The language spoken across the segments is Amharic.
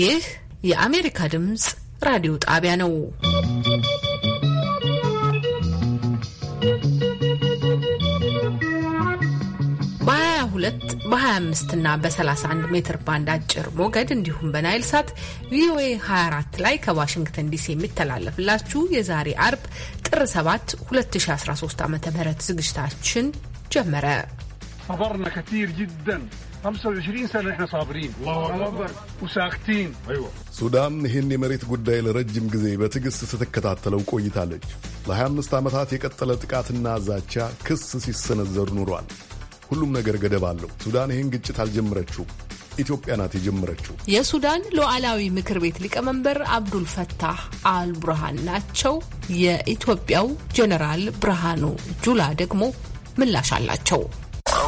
ይህ የአሜሪካ ድምፅ ራዲዮ ጣቢያ ነው። በ22 በ25 እና በ31 ሜትር ባንድ አጭር ሞገድ እንዲሁም በናይል ሳት ቪኦኤ 24 ላይ ከዋሽንግተን ዲሲ የሚተላለፍላችሁ የዛሬ አርብ ጥር 7 2013 ዓ ም ዝግጅታችን ጀመረ። صبرنا كثير جدا 25 ሰነ ነ ሳብሪን በር ውሳክቲን ሱዳን ይህን የመሬት ጉዳይ ለረጅም ጊዜ በትዕግሥት ስትከታተለው ቆይታለች። ለ25 ዓመታት የቀጠለ ጥቃትና ዛቻ ክስ ሲሰነዘር ኑሯል። ሁሉም ነገር ገደብ አለው። ሱዳን ይህን ግጭት አልጀመረችውም። ኢትዮጵያ ናት የጀመረችው። የሱዳን ሉዓላዊ ምክር ቤት ሊቀመንበር አብዱል ፈታህ አልብርሃን ናቸው። የኢትዮጵያው ጀኔራል ብርሃኑ ጁላ ደግሞ ምላሽ አላቸው።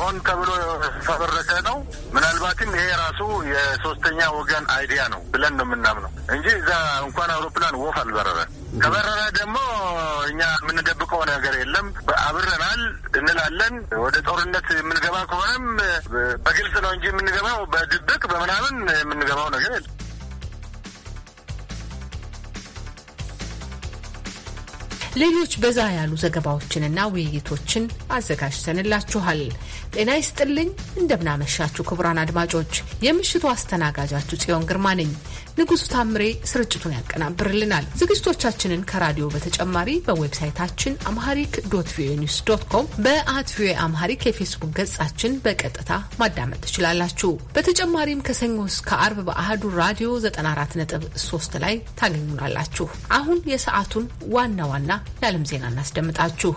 ሆን ተብሎ የተፈበረከ ነው። ምናልባትም ይሄ ራሱ የሶስተኛ ወገን አይዲያ ነው ብለን ነው የምናምነው እንጂ እዛ እንኳን አውሮፕላን ወፍ አልበረረ። ከበረረ ደግሞ እኛ የምንደብቀው ነገር የለም። አብረናል እንላለን። ወደ ጦርነት የምንገባ ከሆነም በግልጽ ነው እንጂ የምንገባው በድብቅ በምናምን የምንገባው ነገር የለም። ሌሎች በዛ ያሉ ዘገባዎችንና ውይይቶችን አዘጋጅተንላችኋል። ጤና ይስጥልኝ። እንደምናመሻችሁ ክቡራን አድማጮች፣ የምሽቱ አስተናጋጃችሁ ጽዮን ግርማ ነኝ። ንጉሱ ታምሬ ስርጭቱን ያቀናብርልናል። ዝግጅቶቻችንን ከራዲዮ በተጨማሪ በዌብሳይታችን አምሃሪክ ዶት ቪኦኤ ኒውስ ዶት ኮም፣ በአት ቪኦኤ አምሃሪክ የፌስቡክ ገጻችን በቀጥታ ማዳመጥ ትችላላችሁ። በተጨማሪም ከሰኞ እስከ አርብ በአህዱ ራዲዮ 94.3 ላይ ታገኙናላችሁ። አሁን የሰዓቱን ዋና ዋና የዓለም ዜና እናስደምጣችሁ።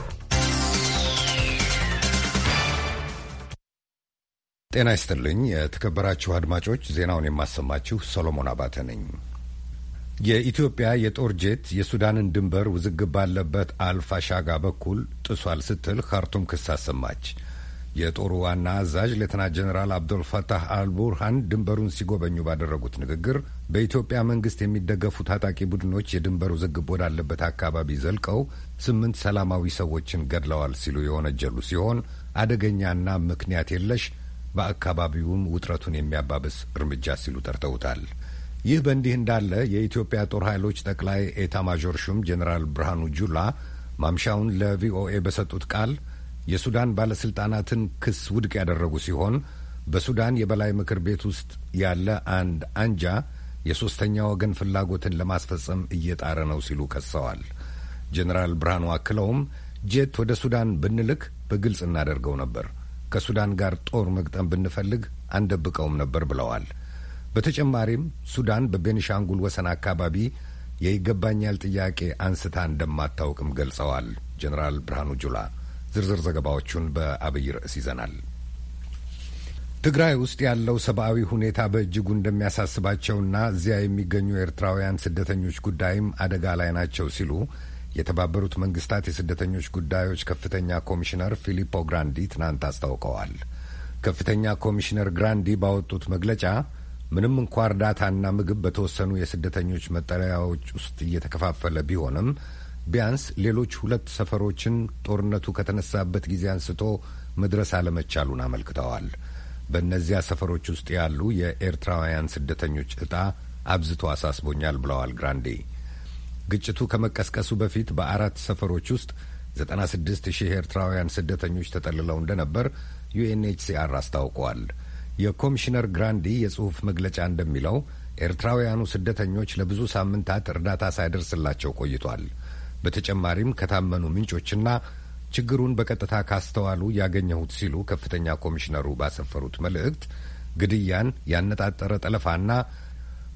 ጤና ይስጥልኝ የተከበራችሁ አድማጮች፣ ዜናውን የማሰማችሁ ሰሎሞን አባተ ነኝ። የኢትዮጵያ የጦር ጄት የሱዳንን ድንበር ውዝግብ ባለበት አልፋሻጋ በኩል ጥሷል ስትል ካርቱም ክስ አሰማች። የጦሩ ዋና አዛዥ ሌተናንት ጀኔራል አብዶልፈታህ አልቡርሃን ድንበሩን ሲጎበኙ ባደረጉት ንግግር በኢትዮጵያ መንግስት የሚደገፉ ታጣቂ ቡድኖች የድንበር ውዝግብ ወዳለበት አካባቢ ዘልቀው ስምንት ሰላማዊ ሰዎችን ገድለዋል ሲሉ የወነጀሉ ሲሆን አደገኛና ምክንያት የለሽ በአካባቢውም ውጥረቱን የሚያባብስ እርምጃ ሲሉ ጠርተውታል። ይህ በእንዲህ እንዳለ የኢትዮጵያ ጦር ኃይሎች ጠቅላይ ኤታ ማዦር ሹም ጀኔራል ብርሃኑ ጁላ ማምሻውን ለቪኦኤ በሰጡት ቃል የሱዳን ባለስልጣናትን ክስ ውድቅ ያደረጉ ሲሆን በሱዳን የበላይ ምክር ቤት ውስጥ ያለ አንድ አንጃ የሶስተኛ ወገን ፍላጎትን ለማስፈጸም እየጣረ ነው ሲሉ ከሰዋል። ጀኔራል ብርሃኑ አክለውም ጄት ወደ ሱዳን ብንልክ በግልጽ እናደርገው ነበር ከሱዳን ጋር ጦር መግጠም ብንፈልግ አንደብቀውም ነበር ብለዋል። በተጨማሪም ሱዳን በቤኒሻንጉል ወሰን አካባቢ የይገባኛል ጥያቄ አንስታ እንደማታውቅም ገልጸዋል። ጀኔራል ብርሃኑ ጁላ ዝርዝር ዘገባዎቹን በአብይ ርዕስ ይዘናል። ትግራይ ውስጥ ያለው ሰብአዊ ሁኔታ በእጅጉ እንደሚያሳስባቸውና እዚያ የሚገኙ ኤርትራውያን ስደተኞች ጉዳይም አደጋ ላይ ናቸው ሲሉ የተባበሩት መንግስታት የስደተኞች ጉዳዮች ከፍተኛ ኮሚሽነር ፊሊፖ ግራንዲ ትናንት አስታውቀዋል። ከፍተኛ ኮሚሽነር ግራንዲ ባወጡት መግለጫ ምንም እንኳ እርዳታና ምግብ በተወሰኑ የስደተኞች መጠለያዎች ውስጥ እየተከፋፈለ ቢሆንም ቢያንስ ሌሎች ሁለት ሰፈሮችን ጦርነቱ ከተነሳበት ጊዜ አንስቶ መድረስ አለመቻሉን አመልክተዋል። በእነዚያ ሰፈሮች ውስጥ ያሉ የኤርትራውያን ስደተኞች እጣ አብዝቶ አሳስቦኛል ብለዋል ግራንዴ ግጭቱ ከመቀስቀሱ በፊት በአራት ሰፈሮች ውስጥ 96 ሺህ ኤርትራውያን ስደተኞች ተጠልለው እንደነበር ዩኤንኤችሲአር አስታውቀዋል። የኮሚሽነር ግራንዲ የጽሑፍ መግለጫ እንደሚለው ኤርትራውያኑ ስደተኞች ለብዙ ሳምንታት እርዳታ ሳይደርስላቸው ቆይቷል። በተጨማሪም ከታመኑ ምንጮችና ችግሩን በቀጥታ ካስተዋሉ ያገኘሁት ሲሉ ከፍተኛ ኮሚሽነሩ ባሰፈሩት መልእክት ግድያን ያነጣጠረ ጠለፋና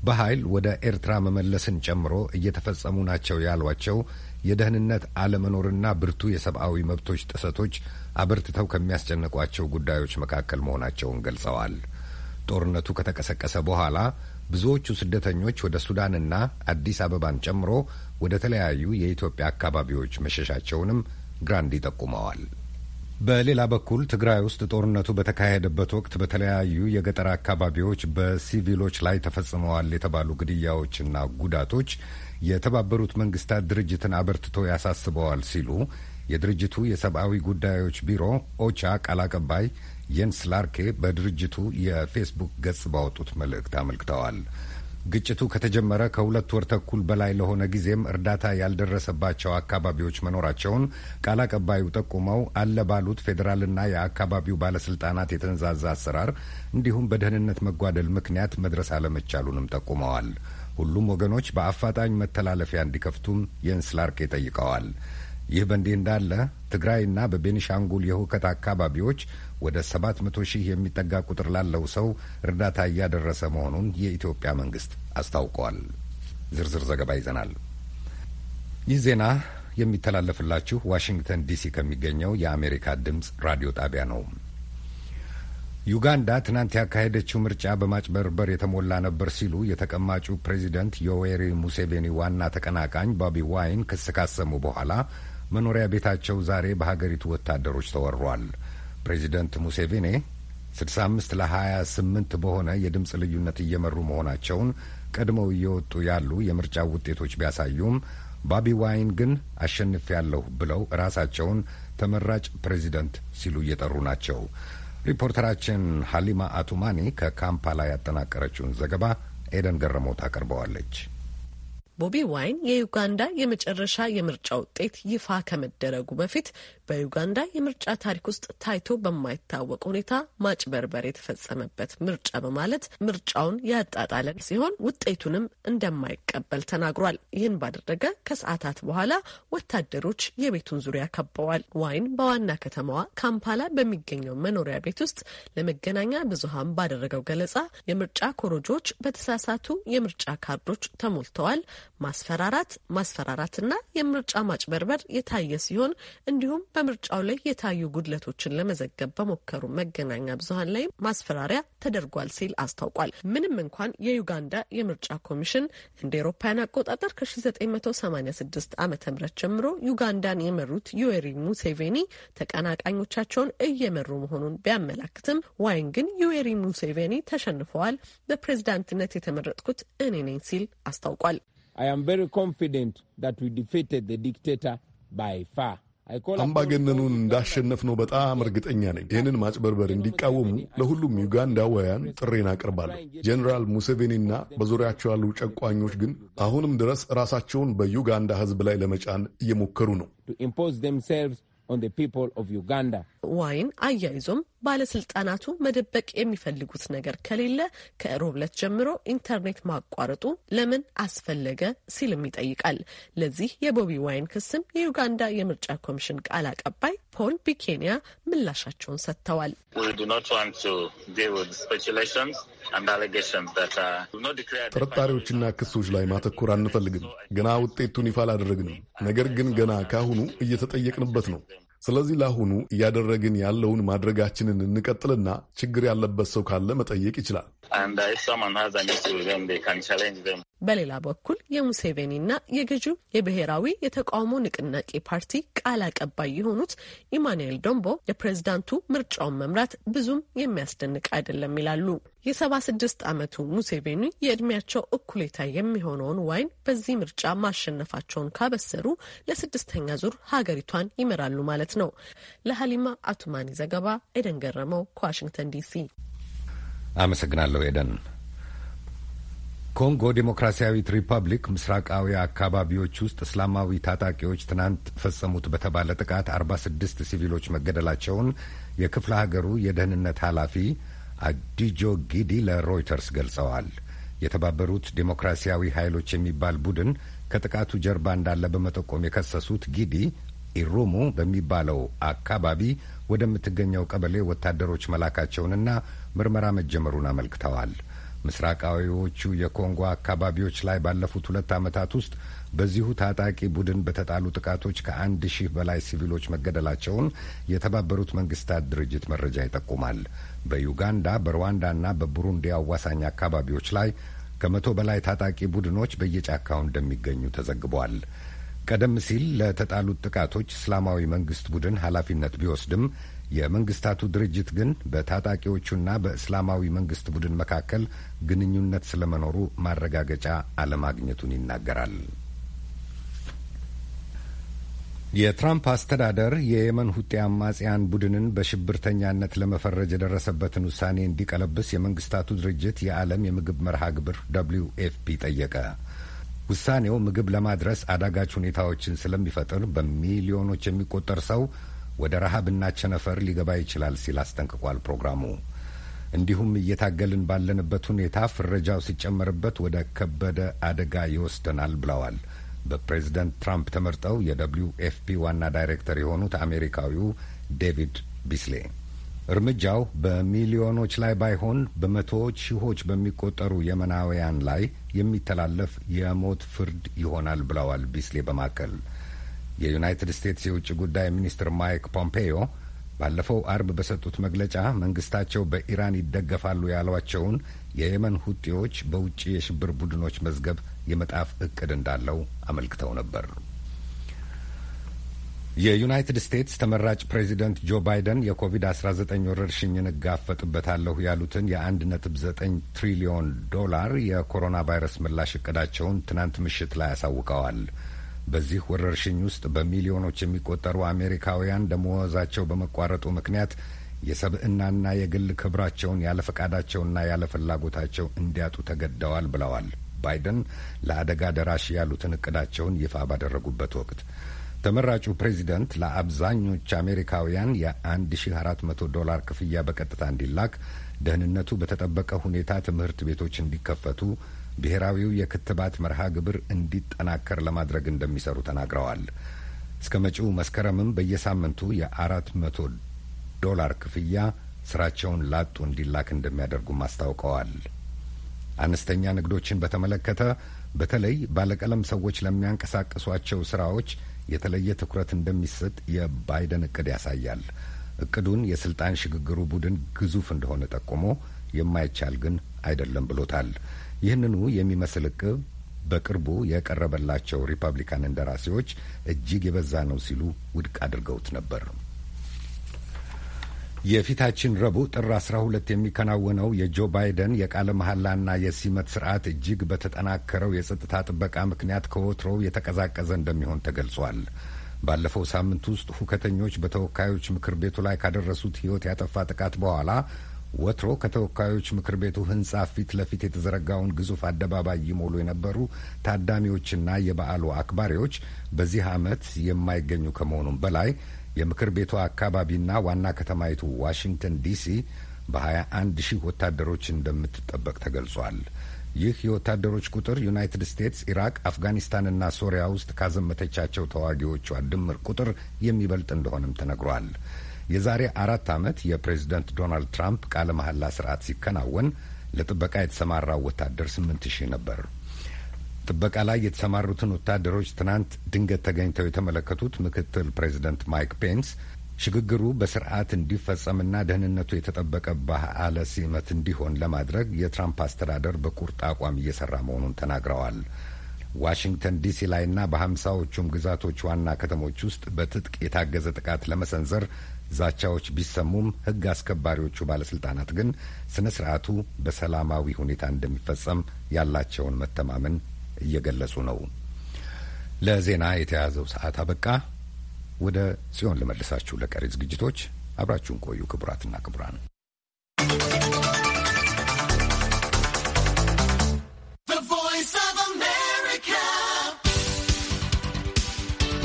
በኃይል ወደ ኤርትራ መመለስን ጨምሮ እየተፈጸሙ ናቸው ያሏቸው የደህንነት አለመኖርና ብርቱ የሰብአዊ መብቶች ጥሰቶች አበርትተው ከሚያስጨንቋቸው ጉዳዮች መካከል መሆናቸውን ገልጸዋል። ጦርነቱ ከተቀሰቀሰ በኋላ ብዙዎቹ ስደተኞች ወደ ሱዳንና አዲስ አበባን ጨምሮ ወደ ተለያዩ የኢትዮጵያ አካባቢዎች መሸሻቸውንም ግራንዲ ጠቁመዋል። በሌላ በኩል ትግራይ ውስጥ ጦርነቱ በተካሄደበት ወቅት በተለያዩ የገጠር አካባቢዎች በሲቪሎች ላይ ተፈጽመዋል የተባሉ ግድያዎችና ጉዳቶች የተባበሩት መንግስታት ድርጅትን አበርትቶ ያሳስበዋል ሲሉ የድርጅቱ የሰብአዊ ጉዳዮች ቢሮ ኦቻ ቃል አቀባይ የንስ ላርኬ በድርጅቱ የፌስቡክ ገጽ ባወጡት መልእክት አመልክተዋል። ግጭቱ ከተጀመረ ከሁለት ወር ተኩል በላይ ለሆነ ጊዜም እርዳታ ያልደረሰባቸው አካባቢዎች መኖራቸውን ቃል አቀባዩ ጠቁመው አለ ባሉት ፌዴራልና የአካባቢው ባለስልጣናት የተንዛዛ አሰራር እንዲሁም በደህንነት መጓደል ምክንያት መድረስ አለመቻሉንም ጠቁመዋል። ሁሉም ወገኖች በአፋጣኝ መተላለፊያ እንዲከፍቱም የንስ ላርኬ ጠይቀዋል። ይህ በእንዲህ እንዳለ ትግራይና በቤኒሻንጉል የሁከት አካባቢዎች ወደ 700 ሺህ የሚጠጋ ቁጥር ላለው ሰው እርዳታ እያደረሰ መሆኑን የኢትዮጵያ መንግስት አስታውቀዋል። ዝርዝር ዘገባ ይዘናል። ይህ ዜና የሚተላለፍላችሁ ዋሽንግተን ዲሲ ከሚገኘው የአሜሪካ ድምፅ ራዲዮ ጣቢያ ነው። ዩጋንዳ ትናንት ያካሄደችው ምርጫ በማጭበርበር የተሞላ ነበር ሲሉ የተቀማጩ ፕሬዚደንት ዮዌሪ ሙሴቬኒ ዋና ተቀናቃኝ ባቢ ዋይን ክስ ካሰሙ በኋላ መኖሪያ ቤታቸው ዛሬ በሀገሪቱ ወታደሮች ተወሯል። ፕሬዚደንት ሙሴቬኒ 65 ለ 28 በሆነ የድምፅ ልዩነት እየመሩ መሆናቸውን ቀድመው እየወጡ ያሉ የምርጫ ውጤቶች ቢያሳዩም ባቢ ዋይን ግን አሸንፊያለሁ ብለው ራሳቸውን ተመራጭ ፕሬዚደንት ሲሉ እየጠሩ ናቸው። ሪፖርተራችን ሀሊማ አቱማኒ ከካምፓላ ያጠናቀረችውን ዘገባ ኤደን ገረመው ታቀርበዋለች። ቦቢ ዋይን የዩጋንዳ የመጨረሻ የምርጫ ውጤት ይፋ ከመደረጉ በፊት በዩጋንዳ የምርጫ ታሪክ ውስጥ ታይቶ በማይታወቅ ሁኔታ ማጭበርበር የተፈጸመበት ምርጫ በማለት ምርጫውን ያጣጣለን ሲሆን ውጤቱንም እንደማይቀበል ተናግሯል። ይህን ባደረገ ከሰዓታት በኋላ ወታደሮች የቤቱን ዙሪያ ከበዋል። ዋይን በዋና ከተማዋ ካምፓላ በሚገኘው መኖሪያ ቤት ውስጥ ለመገናኛ ብዙሃን ባደረገው ገለጻ የምርጫ ኮሮጆዎች በተሳሳቱ የምርጫ ካርዶች ተሞልተዋል። ማስፈራራት ማስፈራራትና የምርጫ ማጭበርበር የታየ ሲሆን እንዲሁም በምርጫው ላይ የታዩ ጉድለቶችን ለመዘገብ በሞከሩ መገናኛ ብዙሀን ላይ ማስፈራሪያ ተደርጓል ሲል አስታውቋል። ምንም እንኳን የዩጋንዳ የምርጫ ኮሚሽን እንደ ኤሮፓያን አቆጣጠር ከ1986 ዓ ም ጀምሮ ዩጋንዳን የመሩት ዩዌሪ ሙሴቬኒ ተቀናቃኞቻቸውን እየመሩ መሆኑን ቢያመላክትም ዋይን ግን ዩዌሪ ሙሴቬኒ ተሸንፈዋል፣ በፕሬዝዳንትነት የተመረጥኩት እኔ ነኝ ሲል አስታውቋል። I am very confident that we defeated the dictator by far. አምባገነኑን እንዳሸነፍ ነው በጣም እርግጠኛ ነኝ። ይህንን ማጭበርበር እንዲቃወሙ ለሁሉም ዩጋንዳውያን ጥሬን አቅርባለሁ። ጄኔራል ሙሴቬኒና በዙሪያቸው ያሉ ጨቋኞች ግን አሁንም ድረስ ራሳቸውን በዩጋንዳ ሕዝብ ላይ ለመጫን እየሞከሩ ነው። ዋይን አያይዞም ባለስልጣናቱ መደበቅ የሚፈልጉት ነገር ከሌለ ከሮብለት ጀምሮ ኢንተርኔት ማቋረጡ ለምን አስፈለገ ሲልም ይጠይቃል። ለዚህ የቦቢ ዋይን ክስም የዩጋንዳ የምርጫ ኮሚሽን ቃል አቀባይ ፖል ቢኬንያ ምላሻቸውን ሰጥተዋል። ጥርጣሬዎችና ክሶች ላይ ማተኮር አንፈልግም። ገና ውጤቱን ይፋ አላደረግንም። ነገር ግን ገና ካሁኑ እየተጠየቅንበት ነው። ስለዚህ ለአሁኑ እያደረግን ያለውን ማድረጋችንን እንቀጥልና ችግር ያለበት ሰው ካለ መጠየቅ ይችላል። በሌላ በኩል የሙሴቬኒና የገዢው የብሔራዊ የተቃውሞ ንቅናቄ ፓርቲ ቃል አቀባይ የሆኑት ኢማኑኤል ዶምቦ የፕሬዝዳንቱ ምርጫውን መምራት ብዙም የሚያስደንቅ አይደለም ይላሉ። የሰባ ስድስት ዓመቱ ሙሴቬኒ የእድሜያቸው እኩሌታ የሚሆነውን ዋይን በዚህ ምርጫ ማሸነፋቸውን ካበሰሩ ለስድስተኛ ዙር ሀገሪቷን ይመራሉ ማለት ነው። ለሀሊማ አቱማኒ ዘገባ ኤደን ገረመው ከዋሽንግተን ዲሲ አመሰግናለሁ ኤደን። ኮንጎ ዴሞክራሲያዊት ሪፐብሊክ ምስራቃዊ አካባቢዎች ውስጥ እስላማዊ ታጣቂዎች ትናንት ፈጸሙት በተባለ ጥቃት አርባ ስድስት ሲቪሎች መገደላቸውን የክፍለ ሀገሩ የደህንነት ኃላፊ አዲጆ ጊዲ ለሮይተርስ ገልጸዋል። የተባበሩት ዴሞክራሲያዊ ኃይሎች የሚባል ቡድን ከጥቃቱ ጀርባ እንዳለ በመጠቆም የከሰሱት ጊዲ ኢሩሙ በሚባለው አካባቢ ወደምትገኘው ቀበሌ ወታደሮች መላካቸውንና ምርመራ መጀመሩን አመልክተዋል። ምስራቃዊዎቹ የኮንጎ አካባቢዎች ላይ ባለፉት ሁለት ዓመታት ውስጥ በዚሁ ታጣቂ ቡድን በተጣሉ ጥቃቶች ከአንድ ሺህ በላይ ሲቪሎች መገደላቸውን የተባበሩት መንግስታት ድርጅት መረጃ ይጠቁማል። በዩጋንዳ በሩዋንዳና በቡሩንዲ አዋሳኝ አካባቢዎች ላይ ከመቶ በላይ ታጣቂ ቡድኖች በየጫካው እንደሚገኙ ተዘግቧል። ቀደም ሲል ለተጣሉት ጥቃቶች እስላማዊ መንግስት ቡድን ኃላፊነት ቢወስድም የመንግስታቱ ድርጅት ግን በታጣቂዎቹና በእስላማዊ መንግስት ቡድን መካከል ግንኙነት ስለመኖሩ ማረጋገጫ አለማግኘቱን ይናገራል። የትራምፕ አስተዳደር የየመን ሁጤ አማጽያን ቡድንን በሽብርተኛነት ለመፈረጅ የደረሰበትን ውሳኔ እንዲቀለብስ የመንግስታቱ ድርጅት የዓለም የምግብ መርሃ ግብር ደብሊው ኤፍ ፒ ጠየቀ። ውሳኔው ምግብ ለማድረስ አዳጋች ሁኔታዎችን ስለሚፈጥር በሚሊዮኖች የሚቆጠር ሰው ወደ ረሃብና ቸነፈር ሊገባ ይችላል ሲል አስጠንቅቋል ፕሮግራሙ። እንዲሁም እየታገልን ባለንበት ሁኔታ ፍረጃው ሲጨመርበት ወደ ከበደ አደጋ ይወስደናል ብለዋል። በፕሬዝደንት ትራምፕ ተመርጠው የደብሊው ኤፍፒ ዋና ዳይሬክተር የሆኑት አሜሪካዊው ዴቪድ ቢስሌ እርምጃው በሚሊዮኖች ላይ ባይሆን በመቶዎች ሺዎች በሚቆጠሩ የመናውያን ላይ የሚተላለፍ የሞት ፍርድ ይሆናል ብለዋል ቢስሌ በማከል የዩናይትድ ስቴትስ የውጭ ጉዳይ ሚኒስትር ማይክ ፖምፔዮ ባለፈው አርብ በሰጡት መግለጫ መንግስታቸው በኢራን ይደገፋሉ ያሏቸውን የየመን ሁጤዎች በውጭ የሽብር ቡድኖች መዝገብ የመጣፍ እቅድ እንዳለው አመልክተው ነበር። የዩናይትድ ስቴትስ ተመራጭ ፕሬዚደንት ጆ ባይደን የኮቪድ-19 ወረርሽኝን እጋፈጥበታለሁ ያሉትን የ1.9 ትሪሊዮን ዶላር የኮሮና ቫይረስ ምላሽ እቅዳቸውን ትናንት ምሽት ላይ አሳውቀዋል። በዚህ ወረርሽኝ ውስጥ በሚሊዮኖች የሚቆጠሩ አሜሪካውያን ደመወዛቸው በመቋረጡ ምክንያት የሰብዕናና የግል ክብራቸውን ያለ ፈቃዳቸውና ያለ ፍላጎታቸው እንዲያጡ ተገደዋል ብለዋል። ባይደን ለአደጋ ደራሽ ያሉትን እቅዳቸውን ይፋ ባደረጉበት ወቅት ተመራጩ ፕሬዚደንት ለአብዛኞች አሜሪካውያን የ1400 ዶላር ክፍያ በቀጥታ እንዲላክ፣ ደህንነቱ በተጠበቀ ሁኔታ ትምህርት ቤቶች እንዲከፈቱ ብሔራዊው የክትባት መርሃ ግብር እንዲጠናከር ለማድረግ እንደሚሰሩ ተናግረዋል። እስከ መጪው መስከረምም በየሳምንቱ የአራት መቶ ዶላር ክፍያ ስራቸውን ላጡ እንዲላክ እንደሚያደርጉም አስታውቀዋል። አነስተኛ ንግዶችን በተመለከተ በተለይ ባለቀለም ሰዎች ለሚያንቀሳቅሷቸው ስራዎች የተለየ ትኩረት እንደሚሰጥ የባይደን እቅድ ያሳያል። እቅዱን የስልጣን ሽግግሩ ቡድን ግዙፍ እንደሆነ ጠቁሞ የማይቻል ግን አይደለም ብሎታል። ይህንኑ የሚመስል እቅብ በቅርቡ የቀረበላቸው ሪፐብሊካን እንደራሴዎች እጅግ የበዛ ነው ሲሉ ውድቅ አድርገውት ነበር። የፊታችን ረቡዕ ጥር 12 የሚከናወነው የጆ ባይደን የቃለ መሐላና የሲመት ስርዓት እጅግ በተጠናከረው የጸጥታ ጥበቃ ምክንያት ከወትሮው የተቀዛቀዘ እንደሚሆን ተገልጿል። ባለፈው ሳምንት ውስጥ ሁከተኞች በተወካዮች ምክር ቤቱ ላይ ካደረሱት ሕይወት ያጠፋ ጥቃት በኋላ ወትሮ ከተወካዮች ምክር ቤቱ ህንጻ ፊት ለፊት የተዘረጋውን ግዙፍ አደባባይ ይሞሉ የነበሩ ታዳሚዎችና የበዓሉ አክባሪዎች በዚህ ዓመት የማይገኙ ከመሆኑም በላይ የምክር ቤቱ አካባቢና ዋና ከተማይቱ ዋሽንግተን ዲሲ በ21 ሺህ ወታደሮች እንደምትጠበቅ ተገልጿል። ይህ የወታደሮች ቁጥር ዩናይትድ ስቴትስ ኢራቅ፣ አፍጋኒስታንና ሶሪያ ውስጥ ካዘመተቻቸው ተዋጊዎቿ ድምር ቁጥር የሚበልጥ እንደሆነም ተነግሯል። የዛሬ አራት ዓመት የፕሬዝደንት ዶናልድ ትራምፕ ቃለ መሐላ ስርዓት ሲከናወን ለጥበቃ የተሰማራው ወታደር ስምንት ሺህ ነበር። ጥበቃ ላይ የተሰማሩትን ወታደሮች ትናንት ድንገት ተገኝተው የተመለከቱት ምክትል ፕሬዝደንት ማይክ ፔንስ ሽግግሩ በስርዓት እንዲፈጸምና ደህንነቱ የተጠበቀ በዓለ ሲመት እንዲሆን ለማድረግ የትራምፕ አስተዳደር በቁርጥ አቋም እየሰራ መሆኑን ተናግረዋል። ዋሽንግተን ዲሲ ላይና በሀምሳዎቹም ግዛቶች ዋና ከተሞች ውስጥ በትጥቅ የታገዘ ጥቃት ለመሰንዘር ዛቻዎች ቢሰሙም ሕግ አስከባሪዎቹ ባለስልጣናት ግን ስነ ስርዓቱ በሰላማዊ ሁኔታ እንደሚፈጸም ያላቸውን መተማመን እየገለጹ ነው። ለዜና የተያዘው ሰዓት አበቃ። ወደ ጽዮን ልመልሳችሁ። ለቀሪ ዝግጅቶች አብራችሁን ቆዩ። ክቡራትና ክቡራን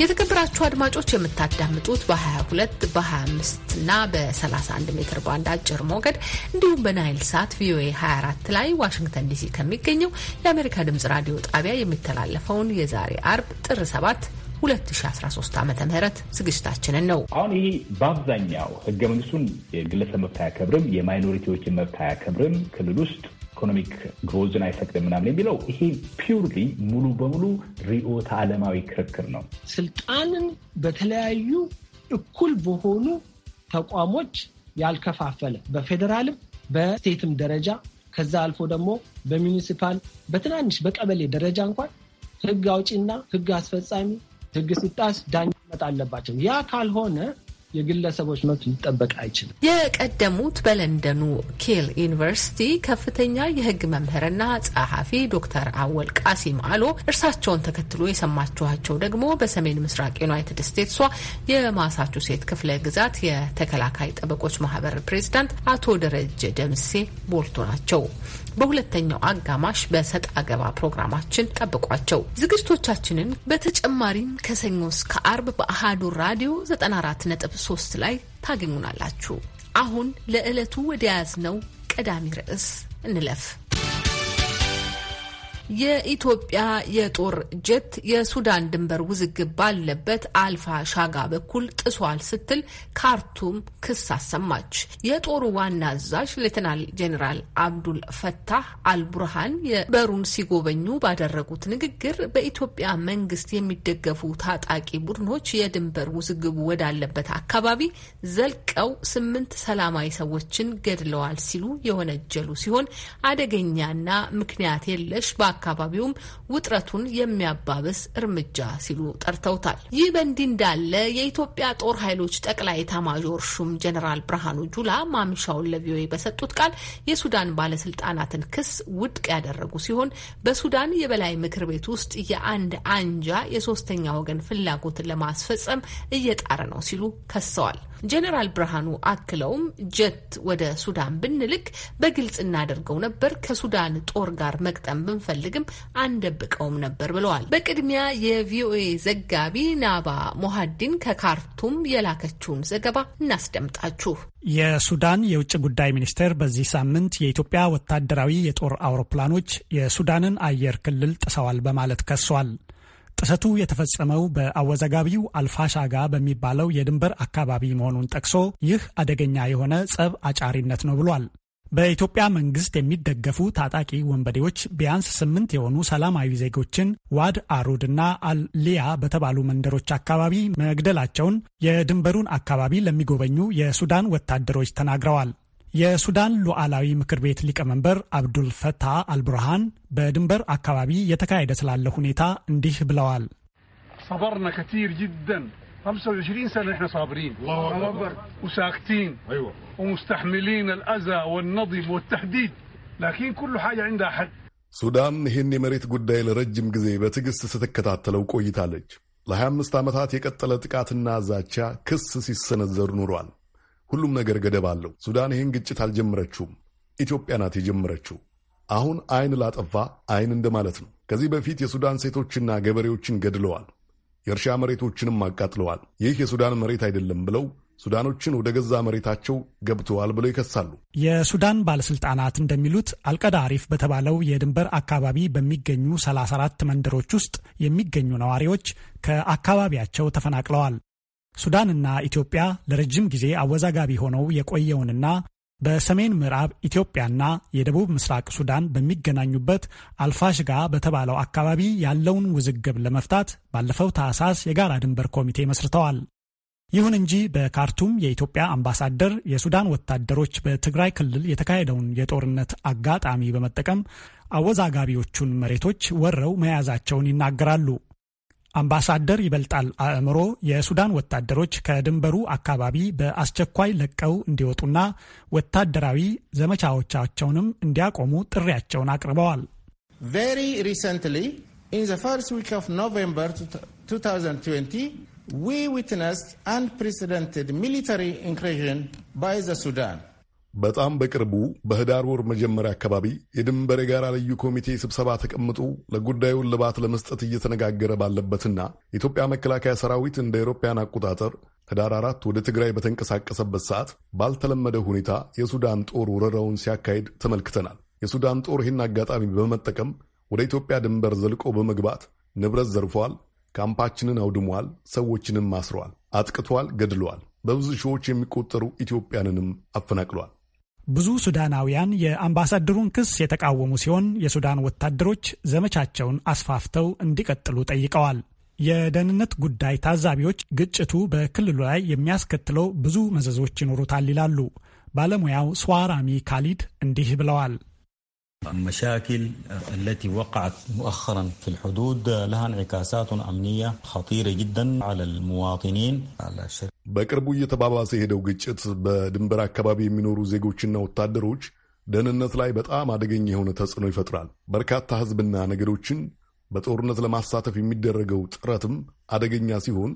የተከበራችሁ አድማጮች የምታዳምጡት በ22 በ25 እና በ31 ሜትር ባንድ አጭር ሞገድ እንዲሁም በናይል ሳት ቪኦኤ 24 ላይ ዋሽንግተን ዲሲ ከሚገኘው የአሜሪካ ድምጽ ራዲዮ ጣቢያ የሚተላለፈውን የዛሬ አርብ ጥር 7 2013 ዓ ም ዝግጅታችንን ነው። አሁን ይህ በአብዛኛው ህገ መንግስቱን የግለሰብ መብት አያከብርም፣ የማይኖሪቲዎችን መብት አያከብርም ክልል ውስጥ ኢኮኖሚክ ግሮዝን አይፈቅድም ምናምን የሚለው ይሄ ፒውርሊ ሙሉ በሙሉ ርዕዮተ ዓለማዊ ክርክር ነው። ስልጣንን በተለያዩ እኩል በሆኑ ተቋሞች ያልከፋፈለ በፌዴራልም በስቴትም ደረጃ ከዛ አልፎ ደግሞ በሚኒሲፓል በትናንሽ በቀበሌ ደረጃ እንኳን ህግ አውጪና ህግ አስፈጻሚ ህግ ሲጣስ ዳኛ መጣ አለባቸው። ያ ካልሆነ የግለሰቦች መብት ሊጠበቅ አይችልም። የቀደሙት በለንደኑ ኬል ዩኒቨርሲቲ ከፍተኛ የህግ መምህርና ጸሐፊ ዶክተር አወል ቃሲም አሎ፣ እርሳቸውን ተከትሎ የሰማችኋቸው ደግሞ በሰሜን ምስራቅ ዩናይትድ ስቴትሷ የማሳቹሴት ክፍለ ግዛት የተከላካይ ጠበቆች ማህበር ፕሬዚዳንት አቶ ደረጀ ደምሴ ቦልቶ ናቸው። በሁለተኛው አጋማሽ በሰጥ አገባ ፕሮግራማችን ጠብቋቸው። ዝግጅቶቻችንን በተጨማሪም ከሰኞ እስከ አርብ በአሃዱ ራዲዮ 94.3 ላይ ታገኙናላችሁ። አሁን ለዕለቱ ወደ ያዝነው ቀዳሚ ርዕስ እንለፍ። የኢትዮጵያ የጦር ጀት የሱዳን ድንበር ውዝግብ ባለበት አልፋ ሻጋ በኩል ጥሷል ስትል ካርቱም ክስ አሰማች። የጦሩ ዋና አዛዥ ሌተናል ጄኔራል አብዱል ፈታህ አልቡርሃን የበሩን ሲጎበኙ ባደረጉት ንግግር በኢትዮጵያ መንግስት የሚደገፉ ታጣቂ ቡድኖች የድንበር ውዝግቡ ወዳለበት አካባቢ ዘልቀው ስምንት ሰላማዊ ሰዎችን ገድለዋል ሲሉ የወነጀሉ ሲሆን አደገኛና ምክንያት የለሽ በአካባቢውም ውጥረቱን የሚያባብስ እርምጃ ሲሉ ጠርተውታል። ይህ በእንዲህ እንዳለ የኢትዮጵያ ጦር ኃይሎች ጠቅላይ ኤታማዦር ሹም ጀኔራል ብርሃኑ ጁላ ማምሻውን ለቪኦኤ በሰጡት ቃል የሱዳን ባለስልጣናትን ክስ ውድቅ ያደረጉ ሲሆን በሱዳን የበላይ ምክር ቤት ውስጥ የአንድ አንጃ የሶስተኛ ወገን ፍላጎትን ለማስፈጸም እየጣረ ነው ሲሉ ከሰዋል። ጀኔራል ብርሃኑ አክለውም ጀት ወደ ሱዳን ብንልክ በግልጽ እናደርገው ነበር። ከሱዳን ጦር ጋር መቅጠም ብንፈልግ ብንፈልግም አንደብቀውም ነበር ብለዋል። በቅድሚያ የቪኦኤ ዘጋቢ ናባ ሞሃዲን ከካርቱም የላከችውን ዘገባ እናስደምጣችሁ። የሱዳን የውጭ ጉዳይ ሚኒስቴር በዚህ ሳምንት የኢትዮጵያ ወታደራዊ የጦር አውሮፕላኖች የሱዳንን አየር ክልል ጥሰዋል በማለት ከሷል። ጥሰቱ የተፈጸመው በአወዛጋቢው አልፋሻጋ በሚባለው የድንበር አካባቢ መሆኑን ጠቅሶ ይህ አደገኛ የሆነ ጸብ አጫሪነት ነው ብሏል። በኢትዮጵያ መንግስት የሚደገፉ ታጣቂ ወንበዴዎች ቢያንስ ስምንት የሆኑ ሰላማዊ ዜጎችን ዋድ አሩድ እና አልሊያ በተባሉ መንደሮች አካባቢ መግደላቸውን የድንበሩን አካባቢ ለሚጎበኙ የሱዳን ወታደሮች ተናግረዋል። የሱዳን ሉዓላዊ ምክር ቤት ሊቀመንበር አብዱል አልቡርሃን አልብርሃን በድንበር አካባቢ የተካሄደ ስላለ ሁኔታ እንዲህ ብለዋል። ሰበርና ከቲር ጅደን 25 سنه احنا صابرين الله اكبر وساكتين ايوه ومستحملين الاذى والنضب والتهديد لكن كل حاجه عندها حد ሱዳን ይህን የመሬት ጉዳይ ለረጅም ጊዜ በትዕግሥት ስትከታተለው ቆይታለች። ለ25 ዓመታት የቀጠለ ጥቃትና ዛቻ ክስ ሲሰነዘሩ ኑሯል። ሁሉም ነገር ገደብ አለው። ሱዳን ይህን ግጭት አልጀመረችውም። ኢትዮጵያ ናት የጀመረችው። አሁን አይን ላጠፋ አይን እንደማለት ነው። ከዚህ በፊት የሱዳን ሴቶችና ገበሬዎችን ገድለዋል። የእርሻ መሬቶችንም አቃጥለዋል። ይህ የሱዳን መሬት አይደለም ብለው ሱዳኖችን ወደ ገዛ መሬታቸው ገብተዋል ብለው ይከሳሉ። የሱዳን ባለስልጣናት እንደሚሉት አልቀዳ አሪፍ በተባለው የድንበር አካባቢ በሚገኙ 34 መንደሮች ውስጥ የሚገኙ ነዋሪዎች ከአካባቢያቸው ተፈናቅለዋል። ሱዳንና ኢትዮጵያ ለረጅም ጊዜ አወዛጋቢ ሆነው የቆየውንና በሰሜን ምዕራብ ኢትዮጵያና የደቡብ ምስራቅ ሱዳን በሚገናኙበት አልፋሽጋ በተባለው አካባቢ ያለውን ውዝግብ ለመፍታት ባለፈው ታህሳስ የጋራ ድንበር ኮሚቴ መስርተዋል። ይሁን እንጂ በካርቱም የኢትዮጵያ አምባሳደር የሱዳን ወታደሮች በትግራይ ክልል የተካሄደውን የጦርነት አጋጣሚ በመጠቀም አወዛጋቢዎቹን መሬቶች ወረው መያዛቸውን ይናገራሉ። አምባሳደር ይበልጣል አእምሮ የሱዳን ወታደሮች ከድንበሩ አካባቢ በአስቸኳይ ለቀው እንዲወጡና ወታደራዊ ዘመቻዎቻቸውንም እንዲያቆሙ ጥሪያቸውን አቅርበዋል። ቬሪ ሪሰንትሊ ኢን ዘ ፈርስት ዊክ ኦፍ ኖቬምበር 2020 ዊ ዊትነስድ አንፕሬሲደንትድ ሚሊተሪ ኢንክሬዥን ባይ ዘ ሱዳን በጣም በቅርቡ በህዳር ወር መጀመሪያ አካባቢ የድንበር የጋራ ልዩ ኮሚቴ ስብሰባ ተቀምጦ ለጉዳዩን ልባት ለመስጠት እየተነጋገረ ባለበትና የኢትዮጵያ መከላከያ ሰራዊት እንደ አውሮፓውያን አቆጣጠር ህዳር አራት ወደ ትግራይ በተንቀሳቀሰበት ሰዓት ባልተለመደ ሁኔታ የሱዳን ጦር ወረራውን ሲያካሂድ ተመልክተናል። የሱዳን ጦር ይህን አጋጣሚ በመጠቀም ወደ ኢትዮጵያ ድንበር ዘልቆ በመግባት ንብረት ዘርፏል፣ ካምፓችንን አውድሟል፣ ሰዎችንም አስረዋል፣ አጥቅቷል፣ ገድለዋል። በብዙ ሺዎች የሚቆጠሩ ኢትዮጵያንንም አፈናቅሏል። ብዙ ሱዳናውያን የአምባሳደሩን ክስ የተቃወሙ ሲሆን የሱዳን ወታደሮች ዘመቻቸውን አስፋፍተው እንዲቀጥሉ ጠይቀዋል። የደህንነት ጉዳይ ታዛቢዎች ግጭቱ በክልሉ ላይ የሚያስከትለው ብዙ መዘዞች ይኖሩታል ይላሉ። ባለሙያው ስዋራሚ ካሊድ እንዲህ ብለዋል። المشاكل التي وقعت مؤخرا في الحدود لها انعكاسات أمنية خطيرة جدا على المواطنين على الشركة በቅርቡ እየተባባሰ የሄደው ግጭት በድንበር አካባቢ የሚኖሩ ዜጎችና ወታደሮች ደህንነት ላይ በጣም አደገኛ የሆነ ተጽዕኖ ይፈጥራል። በርካታ ሕዝብና ነገዶችን በጦርነት ለማሳተፍ የሚደረገው ጥረትም አደገኛ ሲሆን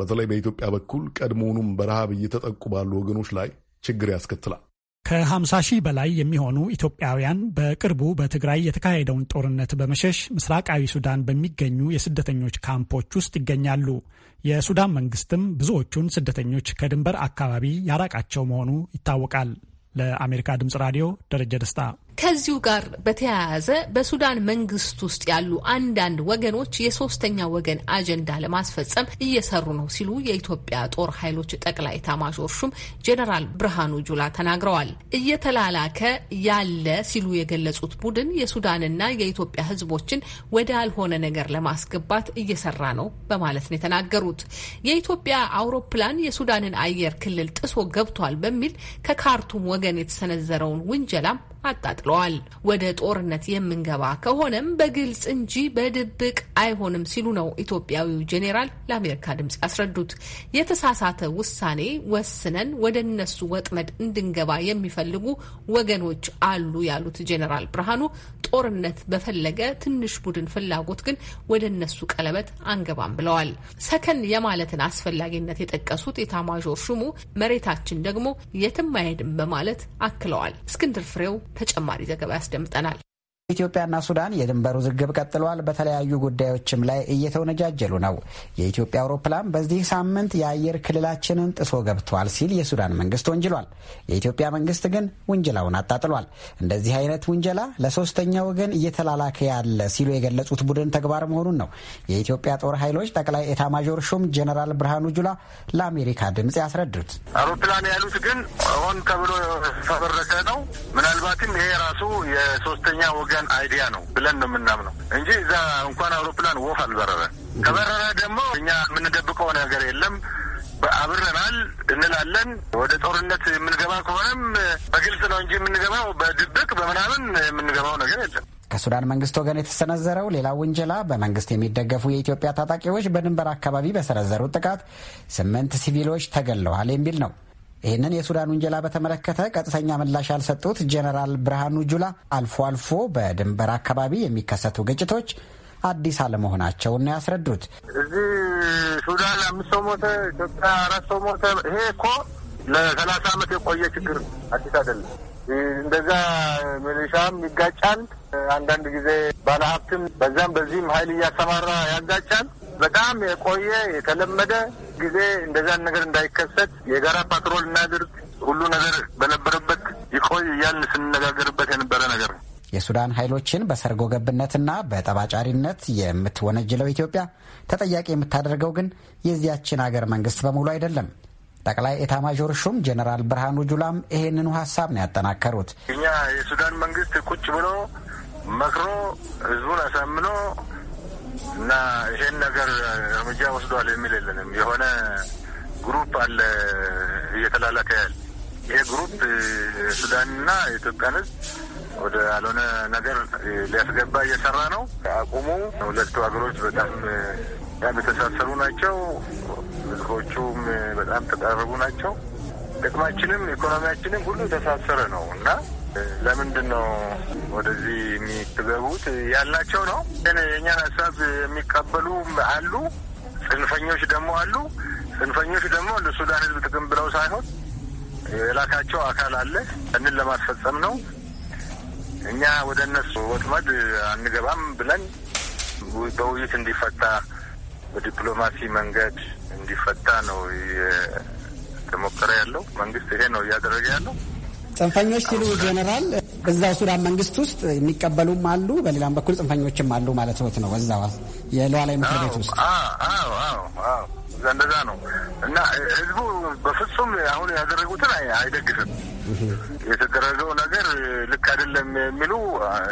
በተለይ በኢትዮጵያ በኩል ቀድሞውኑም በረሃብ እየተጠቁ ባሉ ወገኖች ላይ ችግር ያስከትላል። ከ50 ሺህ በላይ የሚሆኑ ኢትዮጵያውያን በቅርቡ በትግራይ የተካሄደውን ጦርነት በመሸሽ ምስራቃዊ ሱዳን በሚገኙ የስደተኞች ካምፖች ውስጥ ይገኛሉ። የሱዳን መንግስትም ብዙዎቹን ስደተኞች ከድንበር አካባቢ ያራቃቸው መሆኑ ይታወቃል። ለአሜሪካ ድምፅ ራዲዮ ደረጀ ደስታ ከዚሁ ጋር በተያያዘ በሱዳን መንግስት ውስጥ ያሉ አንዳንድ ወገኖች የሶስተኛ ወገን አጀንዳ ለማስፈጸም እየሰሩ ነው ሲሉ የኢትዮጵያ ጦር ኃይሎች ጠቅላይ ኤታማዦር ሹም ጄኔራል ብርሃኑ ጁላ ተናግረዋል። እየተላላከ ያለ ሲሉ የገለጹት ቡድን የሱዳንና የኢትዮጵያ ህዝቦችን ወደ ያልሆነ ነገር ለማስገባት እየሰራ ነው በማለት ነው የተናገሩት። የኢትዮጵያ አውሮፕላን የሱዳንን አየር ክልል ጥሶ ገብቷል በሚል ከካርቱም ወገን የተሰነዘረውን ውንጀላም አጣጥለዋል። ወደ ጦርነት የምንገባ ከሆነም በግልጽ እንጂ በድብቅ አይሆንም ሲሉ ነው ኢትዮጵያዊው ጄኔራል ለአሜሪካ ድምጽ ያስረዱት። የተሳሳተ ውሳኔ ወስነን ወደ እነሱ ወጥመድ እንድንገባ የሚፈልጉ ወገኖች አሉ ያሉት ጄኔራል ብርሃኑ ጦርነት በፈለገ ትንሽ ቡድን ፍላጎት ግን ወደ እነሱ ቀለበት አንገባም ብለዋል። ሰከን የማለትን አስፈላጊነት የጠቀሱት የታማዦር ሹሙ መሬታችን ደግሞ የትም አይሄድም በማለት አክለዋል። እስክንድር ፍሬው ተጨማሪ ዘገባ ያስደምጠናል። ኢትዮጵያና ሱዳን የድንበር ውዝግብ ቀጥሏል። በተለያዩ ጉዳዮችም ላይ እየተወነጃጀሉ ነው። የኢትዮጵያ አውሮፕላን በዚህ ሳምንት የአየር ክልላችንን ጥሶ ገብቷል ሲል የሱዳን መንግስት ወንጅሏል። የኢትዮጵያ መንግስት ግን ውንጀላውን አጣጥሏል። እንደዚህ አይነት ውንጀላ ለሶስተኛ ወገን እየተላላከ ያለ ሲሉ የገለጹት ቡድን ተግባር መሆኑን ነው የኢትዮጵያ ጦር ኃይሎች ጠቅላይ ኤታማዦር ሹም ጀኔራል ብርሃኑ ጁላ ለአሜሪካ ድምፅ ያስረዱት። አውሮፕላን ያሉት ግን ሆን ተብሎ ተበረሰ ነው። ምናልባትም ይሄ ራሱ የሶስተኛ ወገን የአሜሪካን አይዲያ ነው ብለን ነው የምናምነው እንጂ እዛ እንኳን አውሮፕላን ወፍ አልበረረ። ከበረረ ደግሞ እኛ የምንደብቀው ነገር የለም አብረናል እንላለን። ወደ ጦርነት የምንገባ ከሆነም በግልጽ ነው እንጂ የምንገባው በድብቅ በምናምን የምንገባው ነገር የለም። ከሱዳን መንግስት ወገን የተሰነዘረው ሌላ ውንጀላ በመንግስት የሚደገፉ የኢትዮጵያ ታጣቂዎች በድንበር አካባቢ በሰነዘሩት ጥቃት ስምንት ሲቪሎች ተገለዋል የሚል ነው። ይህንን የሱዳን ውንጀላ በተመለከተ ቀጥተኛ ምላሽ ያልሰጡት ጀኔራል ብርሃኑ ጁላ አልፎ አልፎ በድንበር አካባቢ የሚከሰቱ ግጭቶች አዲስ አለመሆናቸውን ነው ያስረዱት። እዚህ ሱዳን አምስት ሰው ሞተ፣ ኢትዮጵያ አራት ሰው ሞተ። ይሄ እኮ ለሰላሳ ዓመት የቆየ ችግር አዲስ አይደለም። እንደዛ ሚሊሻም ይጋጫል፣ አንዳንድ ጊዜ ባለሀብትም በዛም በዚህም ኃይል እያሰማራ ያጋጫል። በጣም የቆየ የተለመደ ጊዜ እንደዚያን ነገር እንዳይከሰት የጋራ ፓትሮል እናድርግ፣ ሁሉ ነገር በነበረበት ይቆይ እያልን ስንነጋገርበት የነበረ ነገር ነው። የሱዳን ኃይሎችን በሰርጎ ገብነትና በጠባጫሪነት የምትወነጅለው ኢትዮጵያ ተጠያቂ የምታደርገው ግን የዚያችን አገር መንግስት በሙሉ አይደለም። ጠቅላይ ኤታማዦር ሹም ጀኔራል ብርሃኑ ጁላም ይሄንኑ ሀሳብ ነው ያጠናከሩት። እኛ የሱዳን መንግስት ቁጭ ብሎ መክሮ ህዝቡን አሳምኖ እና ይሄን ነገር እርምጃ ወስዷል የሚል የለንም። የሆነ ግሩፕ አለ እየተላላከ ያለ ይሄ ግሩፕ ሱዳንና ኢትዮጵያን ህዝብ ወደ ያልሆነ ነገር ሊያስገባ እየሰራ ነው። አቁሙ። ሁለቱ ሀገሮች በጣም በጣም የተሳሰሩ ናቸው። ህዝቦቹም በጣም ተቀራረቡ ናቸው። ጥቅማችንም ኢኮኖሚያችንም ሁሉ የተሳሰረ ነው እና ለምንድን ነው ወደዚህ የሚገቡት? ያላቸው ነው። ግን የእኛን ሀሳብ የሚቀበሉ አሉ፣ ጽንፈኞች ደግሞ አሉ። ጽንፈኞች ደግሞ ለሱዳን ህዝብ ጥቅም ብለው ሳይሆን የላካቸው አካል አለ። እንን ለማስፈጸም ነው። እኛ ወደ እነሱ ወጥመድ አንገባም ብለን በውይይት እንዲፈታ በዲፕሎማሲ መንገድ እንዲፈታ ነው እየተሞከረ ያለው። መንግስት ይሄ ነው እያደረገ ያለው። ጽንፈኞች ሲሉ ጀነራል በዛው ሱዳን መንግስት ውስጥ የሚቀበሉም አሉ፣ በሌላም በኩል ጽንፈኞችም አሉ ማለት ት ነው እዛው የሉዓላዊ ምክር ቤት ውስጥ እንደዛ ነው እና ህዝቡ በፍጹም አሁን ያደረጉትን አይደግፍም። የተደረገው ነገር ልክ አይደለም የሚሉ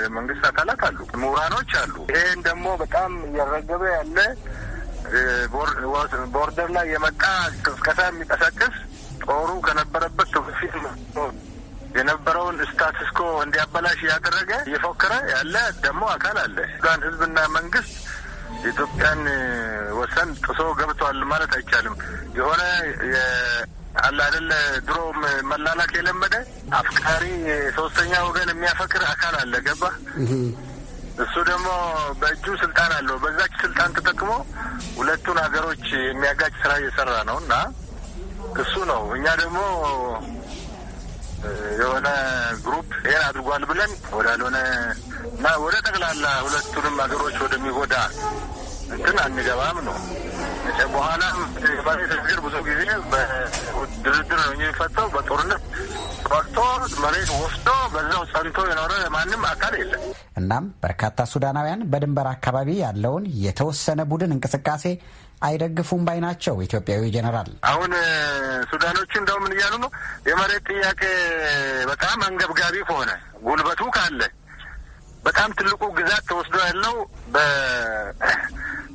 የመንግስት አካላት አሉ፣ ምሁራኖች አሉ። ይሄን ደግሞ በጣም እያረገበ ያለ ቦርደር ላይ የመጣ ቅስቀሳ የሚቀሳቅስ ጦሩ ከነበረበት ትውፊት የነበረውን ስታትስኮ እንዲያበላሽ እያደረገ እየፎከረ ያለ ደግሞ አካል አለ። ዛን ህዝብና መንግስት የኢትዮጵያን ወሰን ጥሶ ገብቷል ማለት አይቻልም። የሆነ አለ አይደለ ድሮ መላላክ የለመደ አፍቃሪ ሶስተኛ ወገን የሚያፈቅር አካል አለ። ገባ እሱ ደግሞ በእጁ ስልጣን አለው። በዛች ስልጣን ተጠቅሞ ሁለቱን ሀገሮች የሚያጋጭ ስራ እየሰራ ነው እና እሱ ነው እኛ ደግሞ የሆነ ግሩፕ ይሄን አድርጓል ብለን ወዳልሆነ እና ወደ ጠቅላላ ሁለቱንም ሀገሮች ወደሚጎዳ እንትን አንገባም ነው። በኋላም የባሌ ችግር ብዙ ጊዜ በድርድር ነው የሚፈታው። በጦርነት ወቅቶ መሬት ወስዶ በዛው ጸንቶ የኖረ ማንም አካል የለም። እናም በርካታ ሱዳናውያን በድንበር አካባቢ ያለውን የተወሰነ ቡድን እንቅስቃሴ አይደግፉም ባይ ናቸው። ኢትዮጵያዊ ጀነራል አሁን ሱዳኖቹ እንደው ምን እያሉ ነው? የመሬት ጥያቄ በጣም አንገብጋቢ ከሆነ ጉልበቱ ካለ በጣም ትልቁ ግዛት ተወስዶ ያለው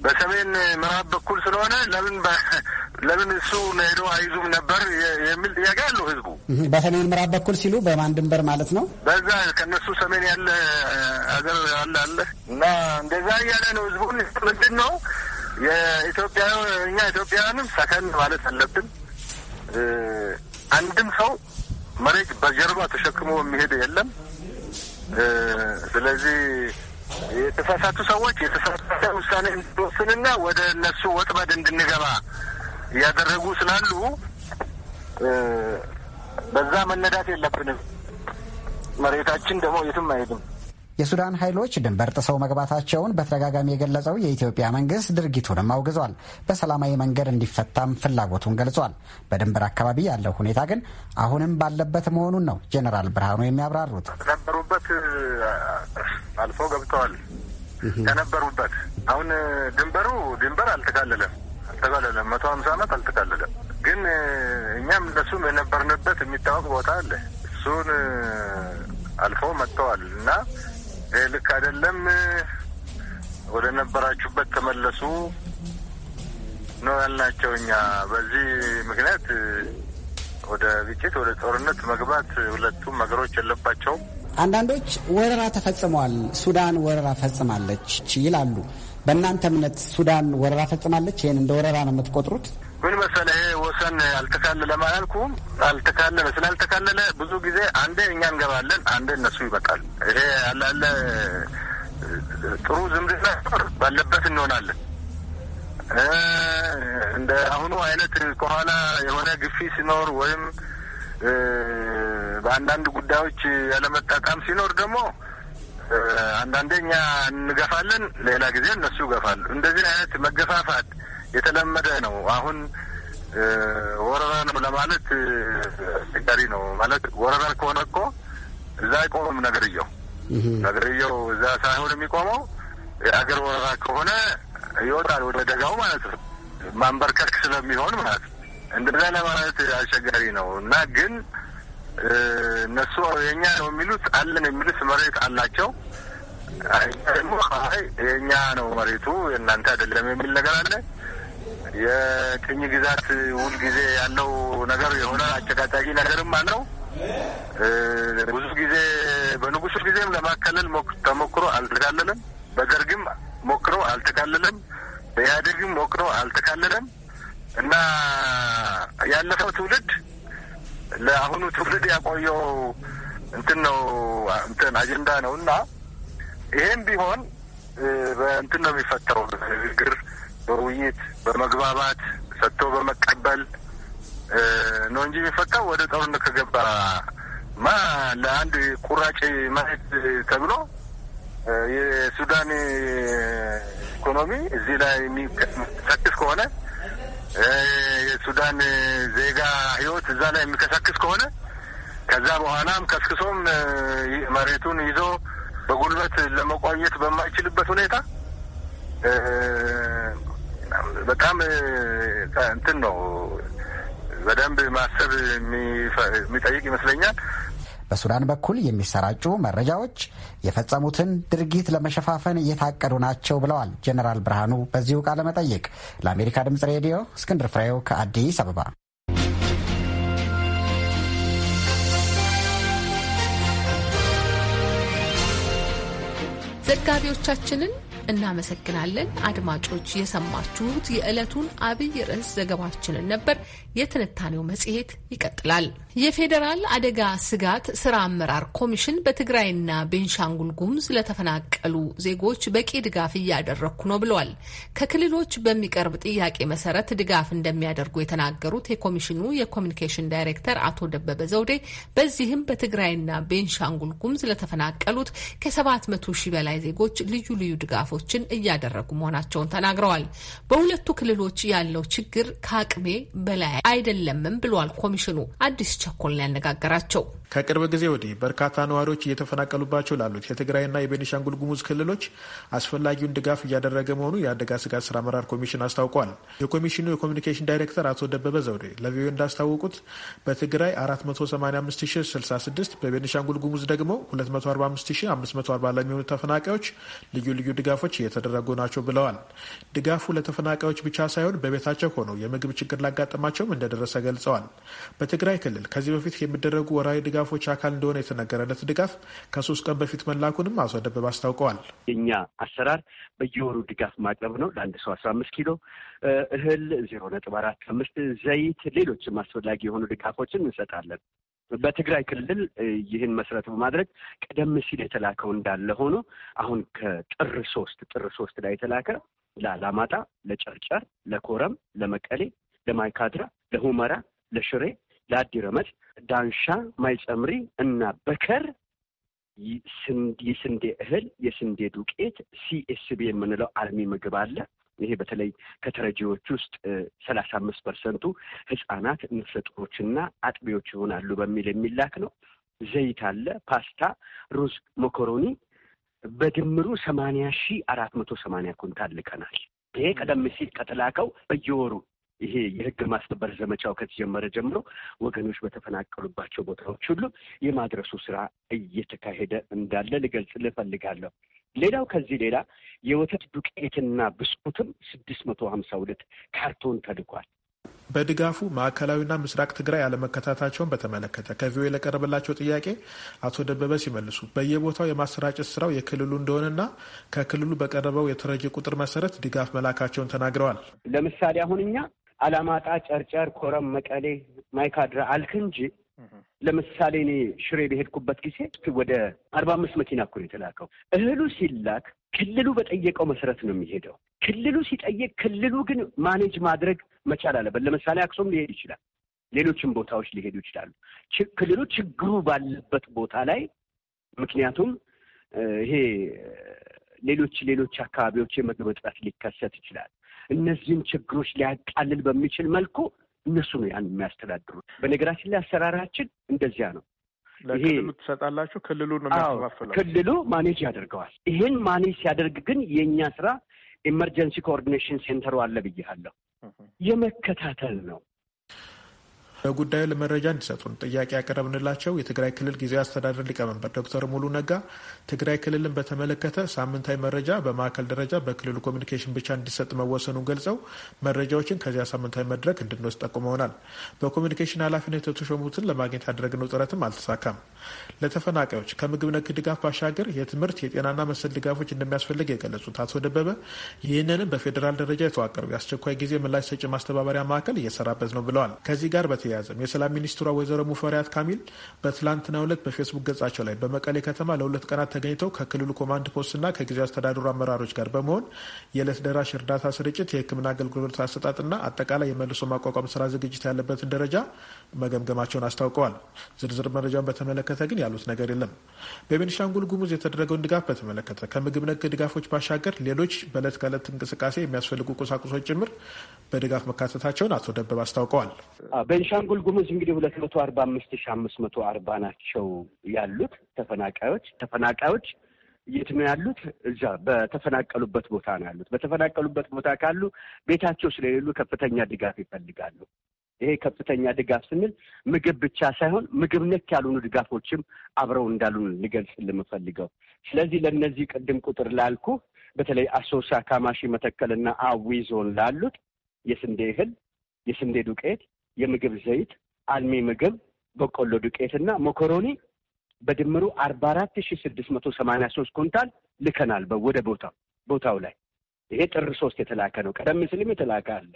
በሰሜን ምዕራብ በኩል ስለሆነ ለምን ለምን እሱ ሄዶ አይዙም ነበር የሚል ጥያቄ አለው ህዝቡ። በሰሜን ምዕራብ በኩል ሲሉ በማን ድንበር ማለት ነው? በዛ ከነሱ ሰሜን ያለ አገር አለ አለ እና እንደዛ እያለ ነው ህዝቡን ምንድን ነው የኢትዮጵያ እኛ ኢትዮጵያውያንም ሰከን ማለት አለብን። አንድም ሰው መሬት በጀርባ ተሸክሞ የሚሄድ የለም። ስለዚህ የተሳሳቱ ሰዎች የተሳሳተ ውሳኔ እንድንወስንና ወደ እነሱ ወጥመድ እንድንገባ እያደረጉ ስላሉ በዛ መነዳት የለብንም። መሬታችን ደግሞ የትም አይሄድም። የሱዳን ኃይሎች ድንበር ጥሰው መግባታቸውን በተደጋጋሚ የገለጸው የኢትዮጵያ መንግስት ድርጊቱንም አውግዟል። በሰላማዊ መንገድ እንዲፈታም ፍላጎቱን ገልጿል። በድንበር አካባቢ ያለው ሁኔታ ግን አሁንም ባለበት መሆኑን ነው ጄኔራል ብርሃኑ የሚያብራሩት። ከነበሩበት አልፎ ገብተዋል። ከነበሩበት አሁን ድንበሩ ድንበር አልተካለለም አልተካለለም። መቶ ሀምሳ ዓመት አልተካለለም። ግን እኛም እነሱም የነበርንበት የሚታወቅ ቦታ አለ። እሱን አልፎ መጥተዋል እና ልክ አይደለም፣ ወደ ነበራችሁበት ተመለሱ ነው ያልናቸው። እኛ በዚህ ምክንያት ወደ ግጭት፣ ወደ ጦርነት መግባት ሁለቱም ሀገሮች የለባቸውም። አንዳንዶች ወረራ ተፈጽመዋል፣ ሱዳን ወረራ ፈጽማለች ይላሉ። በእናንተ እምነት ሱዳን ወረራ ፈጽማለች? ይህን እንደ ወረራ ነው የምትቆጥሩት? ምን መሰለ ይሄ ወሰን አልተካለለም አላልኩም። አልተካለለ ስላልተካለለ ብዙ ጊዜ አንዴ እኛ እንገባለን፣ አንዴ እነሱ ይመጣል። ይሄ አላለ ጥሩ ዝምድና ባለበት እንሆናለን። እንደ አሁኑ አይነት ከኋላ የሆነ ግፊ ሲኖር ወይም በአንዳንድ ጉዳዮች ያለመጣጣም ሲኖር ደግሞ አንዳንዴ እኛ እንገፋለን፣ ሌላ ጊዜ እነሱ ይገፋሉ። እንደዚህ አይነት መገፋፋት የተለመደ ነው። አሁን ወረራ ነው ለማለት አስቸጋሪ ነው። ማለት ወረራ ከሆነ እኮ እዛ አይቆምም ነገርየው ነገርየው እዛ ሳይሆን የሚቆመው የሀገር ወረራ ከሆነ ይወጣል ወደ ደጋው ማለት ነው። ማንበርከክ ስለሚሆን ማለት ነው። እንደዛ ለማለት አስቸጋሪ ነው እና ግን እነሱ የኛ ነው የሚሉት አለን የሚሉት መሬት አላቸው። ደግሞ የእኛ ነው መሬቱ የእናንተ አይደለም የሚል ነገር አለ። የቅኝ ግዛት ውል ጊዜ ያለው ነገር የሆነ አጨቃጫቂ ነገርም አለው። ብዙ ጊዜ በንጉሱ ጊዜም ለማካለል ተሞክሮ አልተካለለም። በደርግም ሞክሮ አልተካለለም። በኢህአዴግም ሞክሮ አልተካለለም እና ያለፈው ትውልድ ለአሁኑ ትውልድ ያቆየው እንትን ነው እንትን አጀንዳ ነው እና ይሄም ቢሆን በእንትን ነው የሚፈጠረው ንግግር በውይይት በመግባባት ሰጥቶ በመቀበል ነው እንጂ የሚፈታው ወደ ጦርነት ከገባ ማ ለአንድ ቁራጭ መሬት ተብሎ የሱዳን ኢኮኖሚ እዚህ ላይ የሚቀሰቅስ ከሆነ የሱዳን ዜጋ ሕይወት እዛ ላይ የሚከሰክስ ከሆነ ከዛ በኋላም ከስክሶም መሬቱን ይዞ በጉልበት ለመቆየት በማይችልበት ሁኔታ በጣም እንትን ነው በደንብ ማሰብ የሚጠይቅ ይመስለኛል። በሱዳን በኩል የሚሰራጩ መረጃዎች የፈጸሙትን ድርጊት ለመሸፋፈን እየታቀዱ ናቸው ብለዋል ጀኔራል ብርሃኑ በዚሁ ቃለ መጠይቅ። ለአሜሪካ ድምጽ ሬዲዮ እስክንድር ፍሬው ከአዲስ አበባ። ዘጋቢዎቻችንን እናመሰግናለን። አድማጮች የሰማችሁት የዕለቱን አብይ ርዕስ ዘገባችንን ነበር። የትንታኔው መጽሔት ይቀጥላል። የፌዴራል አደጋ ስጋት ስራ አመራር ኮሚሽን በትግራይና ቤንሻንጉል ጉሙዝ ለተፈናቀሉ ዜጎች በቂ ድጋፍ እያደረግኩ ነው ብለዋል። ከክልሎች በሚቀርብ ጥያቄ መሰረት ድጋፍ እንደሚያደርጉ የተናገሩት የኮሚሽኑ የኮሚኒኬሽን ዳይሬክተር አቶ ደበበ ዘውዴ በዚህም በትግራይና ቤንሻንጉል ጉሙዝ ለተፈናቀሉት ከ700 ሺህ በላይ ዜጎች ልዩ ልዩ ድጋፎችን እያደረጉ መሆናቸውን ተናግረዋል። በሁለቱ ክልሎች ያለው ችግር ከአቅሜ በላይ አይደለምም ብለዋል ኮሚሽኑ አዲስ ቸኮልን ያነጋገራቸው ከቅርብ ጊዜ ወዲህ በርካታ ነዋሪዎች እየተፈናቀሉባቸው ላሉት የትግራይና የቤኒሻንጉል ጉሙዝ ክልሎች አስፈላጊውን ድጋፍ እያደረገ መሆኑ የአደጋ ስጋት ስራ አመራር ኮሚሽን አስታውቋል። የኮሚሽኑ የኮሚኒኬሽን ዳይሬክተር አቶ ደበበ ዘውዴ ለቪኦኤ እንዳስታወቁት በትግራይ 485066 በቤኒሻንጉል ጉሙዝ ደግሞ 245540 ለሚሆኑ ተፈናቃዮች ልዩ ልዩ ድጋፎች እየተደረጉ ናቸው ብለዋል። ድጋፉ ለተፈናቃዮች ብቻ ሳይሆን በቤታቸው ሆነው የምግብ ችግር ላጋጠማቸውም እንደደረሰ ገልጸዋል። በትግራይ ክልል ከዚህ በፊት የሚደረጉ ወራዊ ድጋፎች አካል እንደሆነ የተነገረለት ድጋፍ ከሶስት ቀን በፊት መላኩንም አቶ አስታውቀዋል። የእኛ አሰራር በየወሩ ድጋፍ ማቅረብ ነው። ለአንድ ሰው አስራ አምስት ኪሎ እህል ዜሮ ነጥብ አራት አምስት ዘይት፣ ሌሎችም አስፈላጊ የሆኑ ድጋፎችን እንሰጣለን። በትግራይ ክልል ይህን መሰረት በማድረግ ቀደም ሲል የተላከው እንዳለ ሆኖ አሁን ከጥር ሶስት ጥር ሶስት ላይ የተላከ ለአላማጣ፣ ለጨርጨር፣ ለኮረም፣ ለመቀሌ፣ ለማይካድራ፣ ለሁመራ፣ ለሽሬ ለአዲ ረመድ ዳንሻ ማይጸምሪ እና በከር የስንዴ እህል የስንዴ ዱቄት ሲኤስቢ የምንለው አልሚ ምግብ አለ። ይሄ በተለይ ከተረጂዎች ውስጥ ሰላሳ አምስት ፐርሰንቱ ህጻናት፣ ነፍሰ ጡሮችና አጥቢዎች ይሆናሉ በሚል የሚላክ ነው። ዘይት አለ፣ ፓስታ፣ ሩዝ፣ መኮሮኒ በድምሩ ሰማንያ ሺህ አራት መቶ ሰማንያ ኩንታል ልከናል። ይሄ ቀደም ሲል ከተላከው በየወሩ ይሄ የህግ ማስከበር ዘመቻው ከተጀመረ ጀምሮ ወገኖች በተፈናቀሉባቸው ቦታዎች ሁሉ የማድረሱ ስራ እየተካሄደ እንዳለ ልገልጽ ልፈልጋለሁ። ሌላው ከዚህ ሌላ የወተት ዱቄትና ብስኩትም ስድስት መቶ ሀምሳ ሁለት ካርቶን ተልኳል። በድጋፉ ማዕከላዊና ምስራቅ ትግራይ አለመከታታቸውን በተመለከተ ከቪኦኤ ለቀረበላቸው ጥያቄ አቶ ደበበ ሲመልሱ በየቦታው የማሰራጨት ስራው የክልሉ እንደሆነና ከክልሉ በቀረበው የተረጂ ቁጥር መሰረት ድጋፍ መላካቸውን ተናግረዋል። ለምሳሌ አሁን እኛ አላማጣ፣ ጨርጨር፣ ኮረም፣ መቀሌ፣ ማይካድራ አልክ እንጂ ለምሳሌ እኔ ሽሬ በሄድኩበት ጊዜ ወደ አርባ አምስት መኪና እኮ ነው የተላከው። እህሉ ሲላክ ክልሉ በጠየቀው መሰረት ነው የሚሄደው። ክልሉ ሲጠየቅ፣ ክልሉ ግን ማኔጅ ማድረግ መቻል አለበት። ለምሳሌ አክሱም ሊሄድ ይችላል፣ ሌሎችም ቦታዎች ሊሄዱ ይችላሉ። ክልሉ ችግሩ ባለበት ቦታ ላይ ምክንያቱም ይሄ ሌሎች ሌሎች አካባቢዎች የምግብ እጥረት ሊከሰት ይችላል። እነዚህን ችግሮች ሊያቃልል በሚችል መልኩ እነሱ ነው ያን የሚያስተዳድሩት። በነገራችን ላይ አሰራራችን እንደዚያ ነው። ለክልሉ ትሰጣላችሁ፣ ክልሉ ነው ክልሉ ማኔጅ ያደርገዋል። ይህን ማኔጅ ሲያደርግ ግን የእኛ ስራ ኤመርጀንሲ ኮኦርዲኔሽን ሴንተሩ አለ ብያለሁ፣ የመከታተል ነው። በጉዳዩ ለመረጃ እንዲሰጡን ጥያቄ ያቀረብንላቸው የትግራይ ክልል ጊዜያዊ አስተዳደር ሊቀመንበር ዶክተር ሙሉ ነጋ ትግራይ ክልልን በተመለከተ ሳምንታዊ መረጃ በማዕከል ደረጃ በክልሉ ኮሚኒኬሽን ብቻ እንዲሰጥ መወሰኑን ገልጸው መረጃዎችን ከዚያ ሳምንታዊ መድረክ እንድንወስድ ጠቁመውናል። በኮሚኒኬሽን ኃላፊነት የተሾሙትን ለማግኘት ያደረግነው ጥረትም አልተሳካም። ለተፈናቃዮች ከምግብ ነክ ድጋፍ ባሻገር የትምህርት የጤናና መሰል ድጋፎች እንደሚያስፈልግ የገለጹት አቶ ደበበ ይህንንም በፌዴራል ደረጃ የተዋቀረው የአስቸኳይ ጊዜ ምላሽ ሰጪ ማስተባበሪያ ማዕከል እየሰራበት ነው ብለዋል። ከዚህ ጋር በተያ አልተያዘም። የሰላም ሚኒስትሯ ወይዘሮ ሙፈሪያት ካሚል በትላንትናው ዕለት በፌስቡክ ገጻቸው ላይ በመቀሌ ከተማ ለሁለት ቀናት ተገኝተው ከክልሉ ኮማንድ ፖስትና ከጊዜ አስተዳደሩ አመራሮች ጋር በመሆን የዕለት ደራሽ እርዳታ ስርጭት፣ የሕክምና አገልግሎት አሰጣጥና አጠቃላይ የመልሶ ማቋቋም ስራ ዝግጅት ያለበትን ደረጃ መገምገማቸውን አስታውቀዋል። ዝርዝር መረጃውን በተመለከተ ግን ያሉት ነገር የለም። በቤኒሻንጉል ጉሙዝ የተደረገውን ድጋፍ በተመለከተ ከምግብ ነክ ድጋፎች ባሻገር ሌሎች በዕለት ከዕለት እንቅስቃሴ የሚያስፈልጉ ቁሳቁሶች ጭምር በድጋፍ መካተታቸውን አቶ ደበብ አስታውቀዋል። ቤንሻንጉል ጉሙዝ እንግዲህ ሁለት መቶ አርባ አምስት ሺ አምስት መቶ አርባ ናቸው ያሉት ተፈናቃዮች። ተፈናቃዮች የት ነው ያሉት? እዛ በተፈናቀሉበት ቦታ ነው ያሉት። በተፈናቀሉበት ቦታ ካሉ ቤታቸው ስለሌሉ ከፍተኛ ድጋፍ ይፈልጋሉ። ይሄ ከፍተኛ ድጋፍ ስንል ምግብ ብቻ ሳይሆን ምግብ ነክ ያልሆኑ ድጋፎችም አብረው እንዳሉን ልገልጽ ልምፈልገው። ስለዚህ ለእነዚህ ቅድም ቁጥር ላልኩ በተለይ አሶሳ፣ ካማሺ፣ መተከልና አዊ ዞን ላሉት የስንዴ እህል፣ የስንዴ ዱቄት፣ የምግብ ዘይት፣ አልሚ ምግብ፣ በቆሎ ዱቄትና መኮሮኒ በድምሩ አርባ አራት ሺ ስድስት መቶ ሰማኒያ ሶስት ኩንታል ልከናል ወደ ቦታው ቦታው ላይ ይሄ ጥር ሶስት የተላከ ነው። ቀደም ሲልም የተላከ አለ።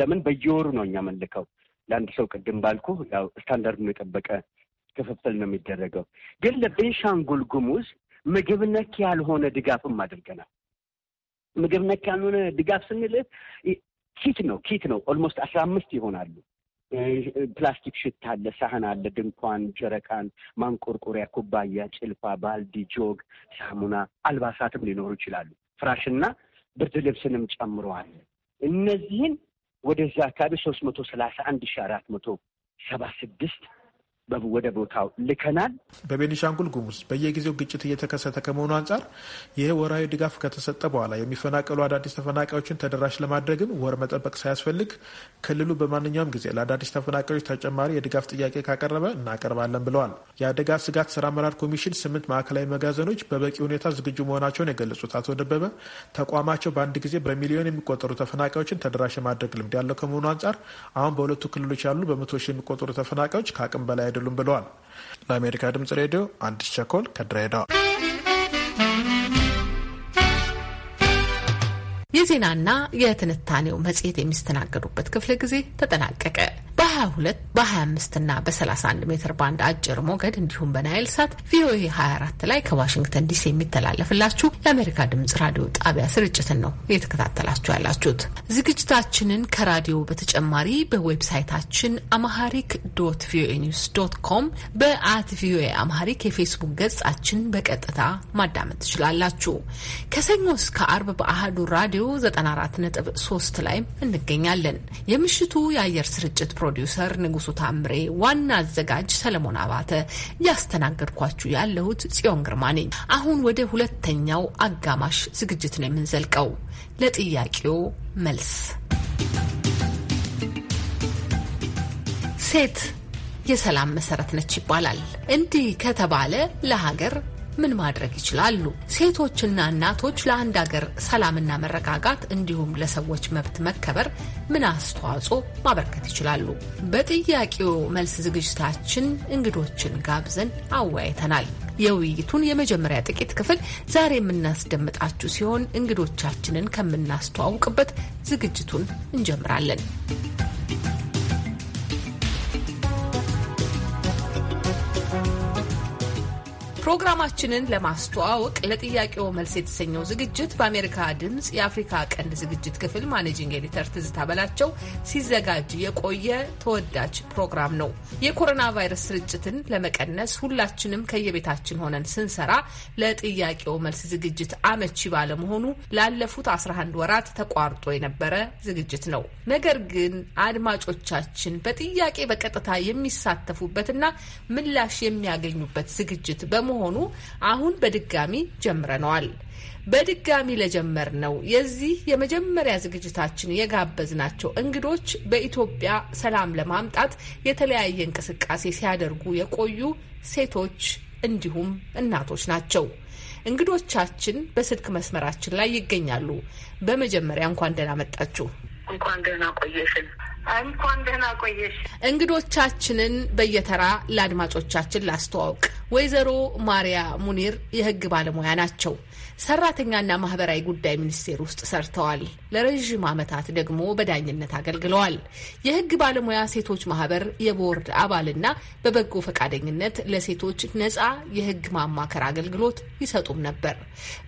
ለምን በየወሩ ነው እኛ ምንልከው ለአንድ ሰው ቅድም ባልኩ ያው ስታንዳርዱን የጠበቀ ክፍፍል ነው የሚደረገው። ግን ለቤንሻንጉል ጉሙዝ ምግብ ነክ ያልሆነ ድጋፍም አድርገናል። ምግብ ነክ ያልሆነ ድጋፍ ስንል ኪት ነው ኪት ነው ኦልሞስት አስራ አምስት ይሆናሉ ፕላስቲክ ሽታ አለ፣ ሳህን አለ፣ ድንኳን፣ ጀረቃን፣ ማንቆርቆሪያ፣ ኩባያ፣ ጭልፋ፣ ባልዲ፣ ጆግ፣ ሳሙና፣ አልባሳትም ሊኖሩ ይችላሉ። ፍራሽና ብርድ ልብስንም ጨምሮ አለ። እነዚህን ወደዚህ አካባቢ ሶስት መቶ ሰላሳ አንድ ሺ አራት መቶ ሰባ ስድስት ወደ ቦታው ልከናል። በቤኒሻንጉል ጉሙዝ በየጊዜው ግጭት እየተከሰተ ከመሆኑ አንጻር ይህ ወራዊ ድጋፍ ከተሰጠ በኋላ የሚፈናቀሉ አዳዲስ ተፈናቃዮችን ተደራሽ ለማድረግም ወር መጠበቅ ሳያስፈልግ ክልሉ በማንኛውም ጊዜ ለአዳዲስ ተፈናቃዮች ተጨማሪ የድጋፍ ጥያቄ ካቀረበ እናቀርባለን ብለዋል። የአደጋ ስጋት ስራ አመራር ኮሚሽን ስምንት ማዕከላዊ መጋዘኖች በበቂ ሁኔታ ዝግጁ መሆናቸውን የገለጹት አቶ ደበበ ተቋማቸው በአንድ ጊዜ በሚሊዮን የሚቆጠሩ ተፈናቃዮችን ተደራሽ የማድረግ ልምድ ያለው ከመሆኑ አንጻር አሁን በሁለቱ ክልሎች ያሉ በመቶ ሺህ የሚቆጠሩ ተፈናቃዮች ከአቅም በላይ አይደሉም ብለዋል። ለአሜሪካ ድምጽ ሬዲዮ አዲስ ቸኮል ከድሬዳዋ። የዜናና የትንታኔው መጽሔት የሚስተናገዱበት ክፍለ ጊዜ ተጠናቀቀ። በ22 በ25 እና በ31 ሜትር ባንድ አጭር ሞገድ እንዲሁም በናይል ሳት ቪኦኤ 24 ላይ ከዋሽንግተን ዲሲ የሚተላለፍላችሁ የአሜሪካ ድምጽ ራዲዮ ጣቢያ ስርጭትን ነው እየተከታተላችሁ ያላችሁት። ዝግጅታችንን ከራዲዮ በተጨማሪ በዌብሳይታችን አማሃሪክ ዶት ቪኦኤ ኒውስ ዶት ኮም በአት ቪኦኤ አማሃሪክ የፌስቡክ ገጻችን በቀጥታ ማዳመጥ ትችላላችሁ። ከሰኞ እስከ አርብ በአህዱ ራዲዮ 94.3 ላይ እንገኛለን። የምሽቱ የአየር ስርጭት ፕሮዲ ፕሮዲውሰር ንጉሱ ታምሬ፣ ዋና አዘጋጅ ሰለሞን አባተ፣ እያስተናገድኳችሁ ያለሁት ጽዮን ግርማ ነኝ። አሁን ወደ ሁለተኛው አጋማሽ ዝግጅት ነው የምንዘልቀው። ለጥያቄው መልስ ሴት የሰላም መሰረት ነች ይባላል። እንዲህ ከተባለ ለሀገር ምን ማድረግ ይችላሉ? ሴቶችና እናቶች ለአንድ አገር ሰላምና መረጋጋት እንዲሁም ለሰዎች መብት መከበር ምን አስተዋጽኦ ማበርከት ይችላሉ? በጥያቄው መልስ ዝግጅታችን እንግዶችን ጋብዘን አወያይተናል። የውይይቱን የመጀመሪያ ጥቂት ክፍል ዛሬ የምናስደምጣችሁ ሲሆን እንግዶቻችንን ከምናስተዋውቅበት ዝግጅቱን እንጀምራለን። ፕሮግራማችንን ለማስተዋወቅ ለጥያቄው መልስ የተሰኘው ዝግጅት በአሜሪካ ድምፅ የአፍሪካ ቀንድ ዝግጅት ክፍል ማኔጂንግ ኤዲተር ትዝታ በላቸው ሲዘጋጅ የቆየ ተወዳጅ ፕሮግራም ነው። የኮሮና ቫይረስ ስርጭትን ለመቀነስ ሁላችንም ከየቤታችን ሆነን ስንሰራ ለጥያቄው መልስ ዝግጅት አመቺ ባለመሆኑ ላለፉት 11 ወራት ተቋርጦ የነበረ ዝግጅት ነው። ነገር ግን አድማጮቻችን በጥያቄ በቀጥታ የሚሳተፉበትና ምላሽ የሚያገኙበት ዝግጅት በመሆኑ በመሆኑ አሁን በድጋሚ ጀምረነዋል። በድጋሚ ለጀመር ነው የዚህ የመጀመሪያ ዝግጅታችን የጋበዝናቸው እንግዶች በኢትዮጵያ ሰላም ለማምጣት የተለያየ እንቅስቃሴ ሲያደርጉ የቆዩ ሴቶች እንዲሁም እናቶች ናቸው። እንግዶቻችን በስልክ መስመራችን ላይ ይገኛሉ። በመጀመሪያ እንኳን ደህና መጣችሁ። እንኳን ደህና ቆየሽን። እንኳን ደህና ቆየሽ። እንግዶቻችንን በየተራ ለአድማጮቻችን ላስተዋውቅ። ወይዘሮ ማሪያ ሙኒር የህግ ባለሙያ ናቸው። ሰራተኛና ማህበራዊ ጉዳይ ሚኒስቴር ውስጥ ሰርተዋል። ለረዥም ዓመታት ደግሞ በዳኝነት አገልግለዋል። የህግ ባለሙያ ሴቶች ማህበር የቦርድ አባልና በበጎ ፈቃደኝነት ለሴቶች ነፃ የህግ ማማከር አገልግሎት ይሰጡም ነበር።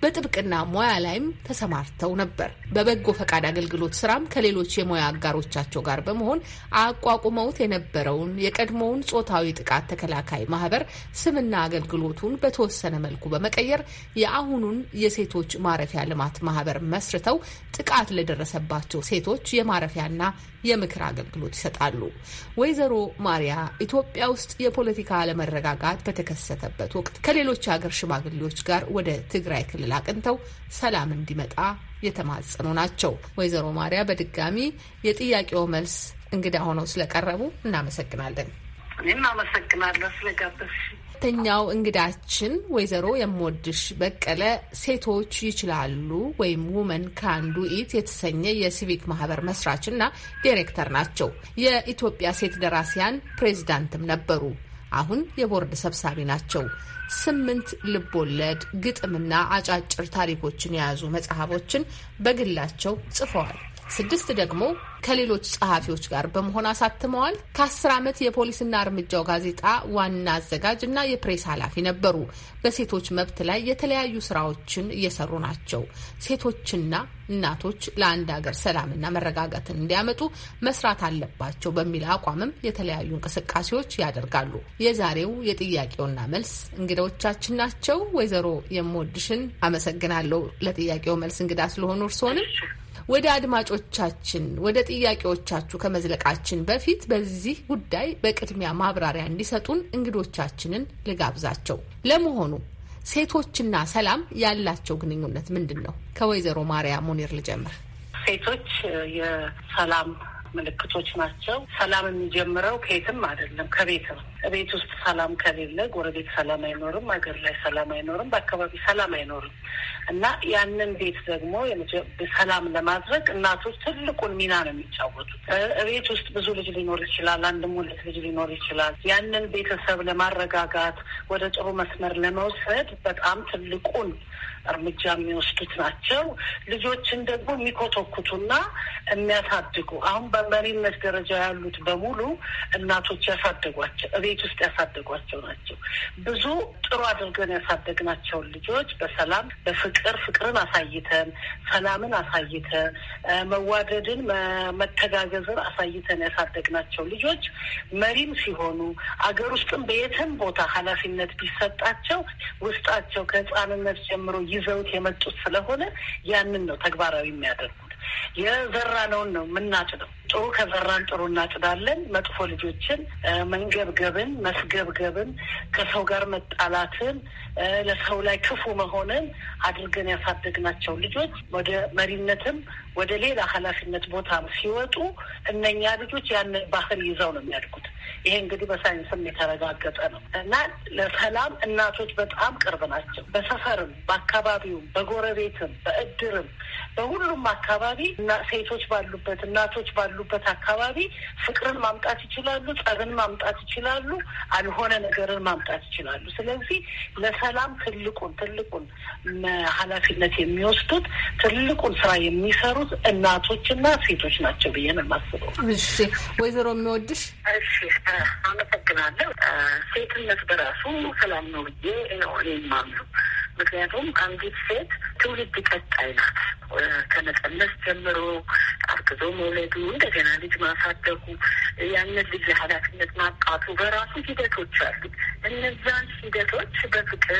በጥብቅና ሙያ ላይም ተሰማርተው ነበር። በበጎ ፈቃድ አገልግሎት ስራም ከሌሎች የሙያ አጋሮቻቸው ጋር በመሆን አቋቁመውት የነበረውን የቀድሞውን ጾታዊ ጥቃት ተከላካይ ማህበር ስምና አገልግሎቱን በተወሰነ መልኩ በመቀየር የአሁኑን የሴቶች ማረፊያ ልማት ማህበር መስርተው ጥቃት ለደረሰባቸው ሴቶች የማረፊያና የምክር አገልግሎት ይሰጣሉ። ወይዘሮ ማሪያ ኢትዮጵያ ውስጥ የፖለቲካ አለመረጋጋት በተከሰተበት ወቅት ከሌሎች ሀገር ሽማግሌዎች ጋር ወደ ትግራይ ክልል አቅንተው ሰላም እንዲመጣ የተማጸኑ ናቸው። ወይዘሮ ማሪያ በድጋሚ የጥያቄው መልስ እንግዳ ሆነው ስለቀረቡ እናመሰግናለን። እኔም አመሰግናለሁ ስለጋበዝሽ። ሁለተኛው እንግዳችን ወይዘሮ የምወድሽ በቀለ ሴቶች ይችላሉ ወይም ውመን ካን ኢት የተሰኘ የሲቪክ ማህበር መስራችና ዲሬክተር ናቸው። የኢትዮጵያ ሴት ደራሲያን ፕሬዚዳንትም ነበሩ። አሁን የቦርድ ሰብሳቢ ናቸው። ስምንት ልቦለድ ግጥምና አጫጭር ታሪኮችን የያዙ መጽሐፎችን በግላቸው ጽፈዋል። ስድስት ደግሞ ከሌሎች ጸሐፊዎች ጋር በመሆን አሳትመዋል። ከአስር ዓመት የፖሊስና እርምጃው ጋዜጣ ዋና አዘጋጅ እና የፕሬስ ኃላፊ ነበሩ። በሴቶች መብት ላይ የተለያዩ ስራዎችን እየሰሩ ናቸው። ሴቶችና እናቶች ለአንድ ሀገር ሰላምና መረጋጋትን እንዲያመጡ መስራት አለባቸው በሚል አቋምም የተለያዩ እንቅስቃሴዎች ያደርጋሉ። የዛሬው የጥያቄውና መልስ እንግዳዎቻችን ናቸው። ወይዘሮ የምወድሽን አመሰግናለሁ ለጥያቄው መልስ እንግዳ ስለሆኑ እርስዎንም ወደ አድማጮቻችን ወደ ጥያቄዎቻችሁ ከመዝለቃችን በፊት በዚህ ጉዳይ በቅድሚያ ማብራሪያ እንዲሰጡን እንግዶቻችንን ልጋብዛቸው። ለመሆኑ ሴቶችና ሰላም ያላቸው ግንኙነት ምንድን ነው? ከወይዘሮ ማርያም ሙኒር ልጀምር። ሴቶች የሰላም ምልክቶች ናቸው። ሰላም የሚጀምረው ከየትም አይደለም፣ ከቤት ነው። ቤት ውስጥ ሰላም ከሌለ ጎረቤት ሰላም አይኖርም፣ ሀገር ላይ ሰላም አይኖርም፣ በአካባቢ ሰላም አይኖርም እና ያንን ቤት ደግሞ ሰላም ለማድረግ እናቶች ትልቁን ሚና ነው የሚጫወቱት። ቤት ውስጥ ብዙ ልጅ ሊኖር ይችላል፣ አንድም ሁለት ልጅ ሊኖር ይችላል። ያንን ቤተሰብ ለማረጋጋት ወደ ጥሩ መስመር ለመውሰድ በጣም ትልቁን እርምጃ የሚወስዱት ናቸው። ልጆችን ደግሞ የሚኮተኩቱና የሚያሳድጉ አሁን በመሪነት ደረጃ ያሉት በሙሉ እናቶች ያሳደጓቸው ቤት ውስጥ ያሳደጓቸው ናቸው። ብዙ ጥሩ አድርገን ያሳደግናቸውን ልጆች በሰላም በፍቅር ፍቅርን አሳይተን ሰላምን አሳይተን መዋደድን፣ መተጋገዝን አሳይተን ያሳደግናቸው ልጆች መሪም ሲሆኑ አገር ውስጥም በየትም ቦታ ኃላፊነት ቢሰጣቸው ውስጣቸው ከህፃንነት ጀምሮ ይዘውት የመጡት ስለሆነ ያንን ነው ተግባራዊ የሚያደርጉት። የዘራነውን ነው የምናጭደው። ጥሩ ከዘራን ጥሩ እናጭዳለን። መጥፎ ልጆችን መንገብገብን፣ መስገብገብን፣ ከሰው ጋር መጣላትን፣ ለሰው ላይ ክፉ መሆንን አድርገን ያሳደግናቸው ልጆች ወደ መሪነትም ወደ ሌላ ኃላፊነት ቦታም ሲወጡ እነኛ ልጆች ያንን ባህል ይዘው ነው የሚያድጉት። ይሄ እንግዲህ በሳይንስም የተረጋገጠ ነው እና ለሰላም እናቶች በጣም ቅርብ ናቸው። በሰፈርም፣ በአካባቢውም፣ በጎረቤትም፣ በእድርም በሁሉም አካባቢ ሴቶች ባሉበት እናቶች ባሉ ባሉበት አካባቢ ፍቅርን ማምጣት ይችላሉ፣ ጸብን ማምጣት ይችላሉ፣ አልሆነ ነገርን ማምጣት ይችላሉ። ስለዚህ ለሰላም ትልቁን ትልቁን ኃላፊነት የሚወስዱት ትልቁን ስራ የሚሰሩት እናቶችና ሴቶች ናቸው ብዬ ነው የማስበው። እሺ ወይዘሮ የሚወድሽ እሺ፣ አመሰግናለሁ። ሴትነት በራሱ ሰላም ነው ብዬ ነው እኔ የማምነው። ምክንያቱም አንዲት ሴት ትውልድ ቀጣይ ናት። ከነጠነስ ጀምሮ አርግዞ መውለዱ እንደ እንደገና ልጅ ማሳደጉ ያንን ልጅ ኃላፊነት ማቃቱ በራሱ ሂደቶች አሉ። እነዛን ሂደቶች በፍቅር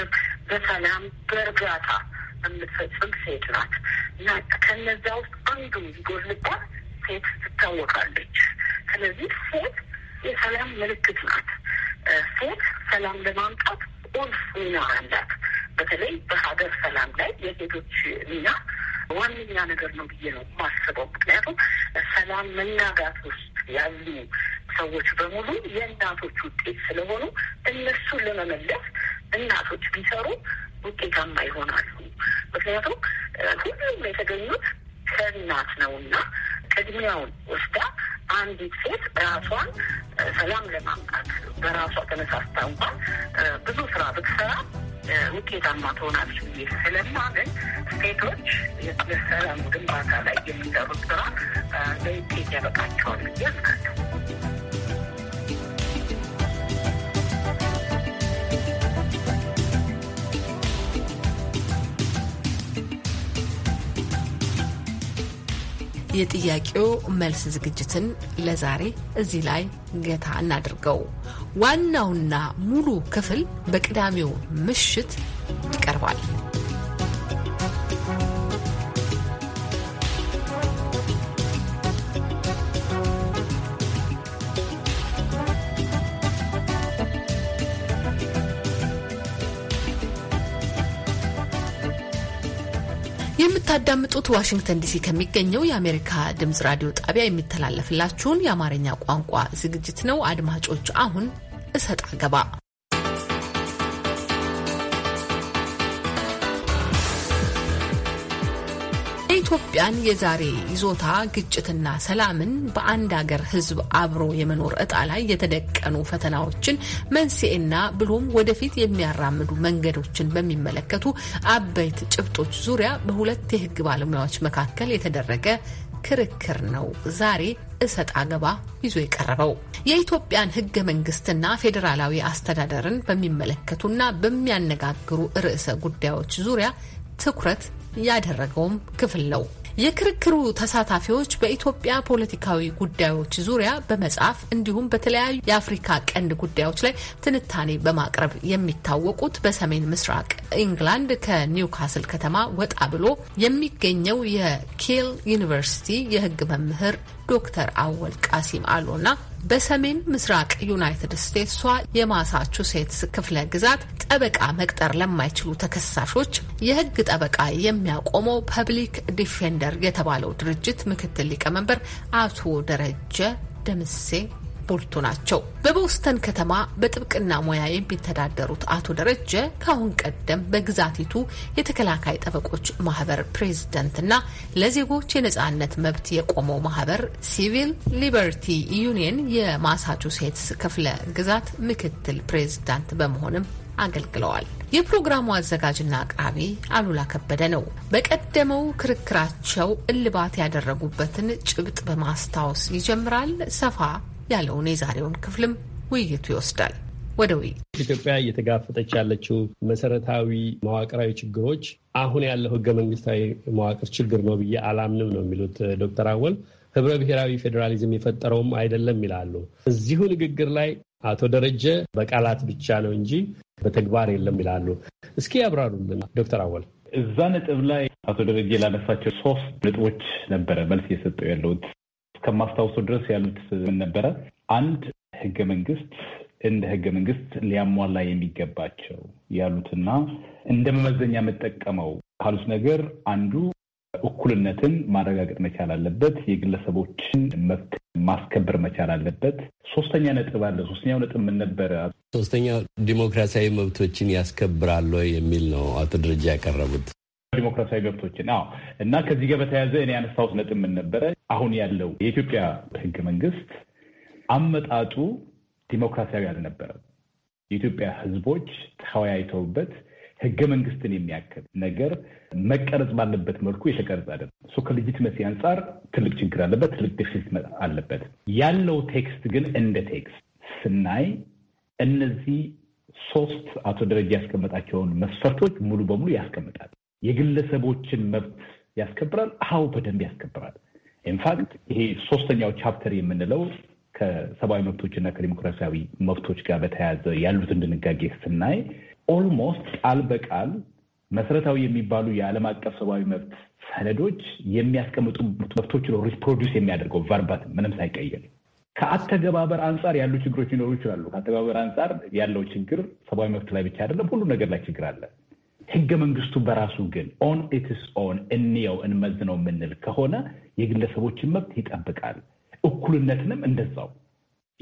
በሰላም በእርጋታ የምትፈጽም ሴት ናት እና ከነዛ ውስጥ አንዱ ጎልባ ሴት ትታወቃለች። ስለዚህ ሴት የሰላም ምልክት ናት። ሴት ሰላም ለማምጣት ቁልፍ ሚና አላት። በተለይ በሀገር ሰላም ላይ የሴቶች ሚና ዋነኛ ነገር ነው ብዬ ነው የማስበው። ምክንያቱም ሰላም መናጋት ውስጥ ያሉ ሰዎች በሙሉ የእናቶች ውጤት ስለሆኑ እነሱን ለመመለስ እናቶች ቢሰሩ ውጤታማ ይሆናሉ። ምክንያቱም ሁሉም የተገኙት ከእናት ነው ቅድሚያውን ወስዳ አንዲት ሴት ራሷን ሰላም ለማምጣት በራሷ ተነሳስታ እንኳን ብዙ ስራ ብትሰራ ውጤታማ ትሆናለች ብዬ ስለማምን ሴቶች የሰላሙ ግንባታ ላይ የሚሰሩት ስራ ለውጤት ያበቃቸዋል ብዬ አምናለሁ። የጥያቄው መልስ ዝግጅትን ለዛሬ እዚህ ላይ ገታ እናድርገው። ዋናውና ሙሉ ክፍል በቅዳሜው ምሽት የምታዳምጡት ዋሽንግተን ዲሲ ከሚገኘው የአሜሪካ ድምጽ ራዲዮ ጣቢያ የሚተላለፍላችሁን የአማርኛ ቋንቋ ዝግጅት ነው። አድማጮች፣ አሁን እሰጥ አገባ የኢትዮጵያን የዛሬ ይዞታ ግጭትና ሰላምን በአንድ አገር ሕዝብ አብሮ የመኖር እጣ ላይ የተደቀኑ ፈተናዎችን መንስኤና ብሎም ወደፊት የሚያራምዱ መንገዶችን በሚመለከቱ አበይት ጭብጦች ዙሪያ በሁለት የሕግ ባለሙያዎች መካከል የተደረገ ክርክር ነው ዛሬ እሰጥ አገባ ይዞ የቀረበው የኢትዮጵያን ህገ መንግስትና ፌዴራላዊ አስተዳደርን በሚመለከቱና በሚያነጋግሩ ርዕሰ ጉዳዮች ዙሪያ ትኩረት ያደረገውም ክፍል ነው። የክርክሩ ተሳታፊዎች በኢትዮጵያ ፖለቲካዊ ጉዳዮች ዙሪያ በመጻፍ እንዲሁም በተለያዩ የአፍሪካ ቀንድ ጉዳዮች ላይ ትንታኔ በማቅረብ የሚታወቁት በሰሜን ምስራቅ ኢንግላንድ ከኒውካስል ከተማ ወጣ ብሎ የሚገኘው የኬል ዩኒቨርሲቲ የሕግ መምህር ዶክተር አወል ቃሲም አሎና በሰሜን ምስራቅ ዩናይትድ ስቴትሷ የማሳቹሴትስ ክፍለ ግዛት ጠበቃ መቅጠር ለማይችሉ ተከሳሾች የሕግ ጠበቃ የሚያቆመው ፐብሊክ ዲፌንደር የተባለው ድርጅት ምክትል ሊቀመንበር አቶ ደረጀ ደምሴ ቦልቶ ናቸው። በቦስተን ከተማ በጥብቅና ሙያ የሚተዳደሩት አቶ ደረጀ ከአሁን ቀደም በግዛቲቱ የተከላካይ ጠበቆች ማህበር ፕሬዝደንትና ለዜጎች የነጻነት መብት የቆመው ማህበር ሲቪል ሊበርቲ ዩኒየን የማሳቹሴትስ ክፍለ ግዛት ምክትል ፕሬዝዳንት በመሆንም አገልግለዋል። የፕሮግራሙ አዘጋጅና አቅራቢ አሉላ ከበደ ነው። በቀደመው ክርክራቸው እልባት ያደረጉበትን ጭብጥ በማስታወስ ይጀምራል። ሰፋ ያለውን የዛሬውን ክፍልም ውይይቱ ይወስዳል። ወደ ውይይት ኢትዮጵያ እየተጋፈጠች ያለችው መሰረታዊ መዋቅራዊ ችግሮች አሁን ያለው ህገ መንግስታዊ መዋቅር ችግር ነው ብዬ አላምንም ነው የሚሉት ዶክተር አወል ህብረ ብሔራዊ ፌዴራሊዝም የፈጠረውም አይደለም ይላሉ። እዚሁ ንግግር ላይ አቶ ደረጀ በቃላት ብቻ ነው እንጂ በተግባር የለም ይላሉ። እስኪ ያብራሩልን ዶክተር አወል። እዛ ነጥብ ላይ አቶ ደረጀ ላነሳቸው ሶስት ነጥቦች ነበረ መልስ እየሰጠው ያለሁት እስከማስታውሰው ድረስ ያሉት ምን ነበረ? አንድ ህገ መንግስት እንደ ህገ መንግስት ሊያሟላ የሚገባቸው ያሉትና እንደ መመዘኛ የምጠቀመው ካሉት ነገር አንዱ እኩልነትን ማረጋገጥ መቻል አለበት። የግለሰቦችን መብት ማስከበር መቻል አለበት። ሶስተኛ ነጥብ አለ። ሶስተኛው ነጥብ ምን ነበረ? ሶስተኛው ዲሞክራሲያዊ መብቶችን ያስከብራል የሚል ነው። አቶ ደረጃ ያቀረቡት ዲሞክራሲያዊ መብቶችን አዎ። እና ከዚህ ጋር በተያያዘ እኔ ያነሳሁት ነጥብ ምን ነበረ? አሁን ያለው የኢትዮጵያ ህገ መንግስት አመጣጡ ዲሞክራሲያዊ አልነበረም። የኢትዮጵያ ህዝቦች ተወያይተውበት ህገ መንግስትን የሚያክል ነገር መቀረጽ ባለበት መልኩ የተቀረጸ አይደለም። እሱ ከልጅትመሲ አንጻር ትልቅ ችግር አለበት፣ ትልቅ ዴፊሲት አለበት። ያለው ቴክስት ግን እንደ ቴክስት ስናይ እነዚህ ሶስት አቶ ደረጃ ያስቀመጣቸውን መስፈርቶች ሙሉ በሙሉ ያስቀምጣል። የግለሰቦችን መብት ያስከብራል። አሁ በደንብ ያስከብራል። ኢንፋክት ይሄ ሶስተኛው ቻፕተር የምንለው ከሰብአዊ መብቶች እና ከዲሞክራሲያዊ መብቶች ጋር በተያያዘ ያሉትን ድንጋጌ ስናይ ኦልሞስት ቃል በቃል መሰረታዊ የሚባሉ የዓለም አቀፍ ሰብአዊ መብት ሰነዶች የሚያስቀምጡ መብቶች ነው የሚያደርገው ቫርባት ምንም ሳይቀየር። ከአተገባበር አንጻር ያሉ ችግሮች ሊኖሩ ይችላሉ። ከአተገባበር አንጻር ያለው ችግር ሰብአዊ መብት ላይ ብቻ አይደለም፣ ሁሉ ነገር ላይ ችግር አለ። ህገ መንግስቱ በራሱ ግን ኦን ኢትስ ኦን እንየው እንመዝነው የምንል ከሆነ የግለሰቦችን መብት ይጠብቃል። እኩልነትንም እንደዛው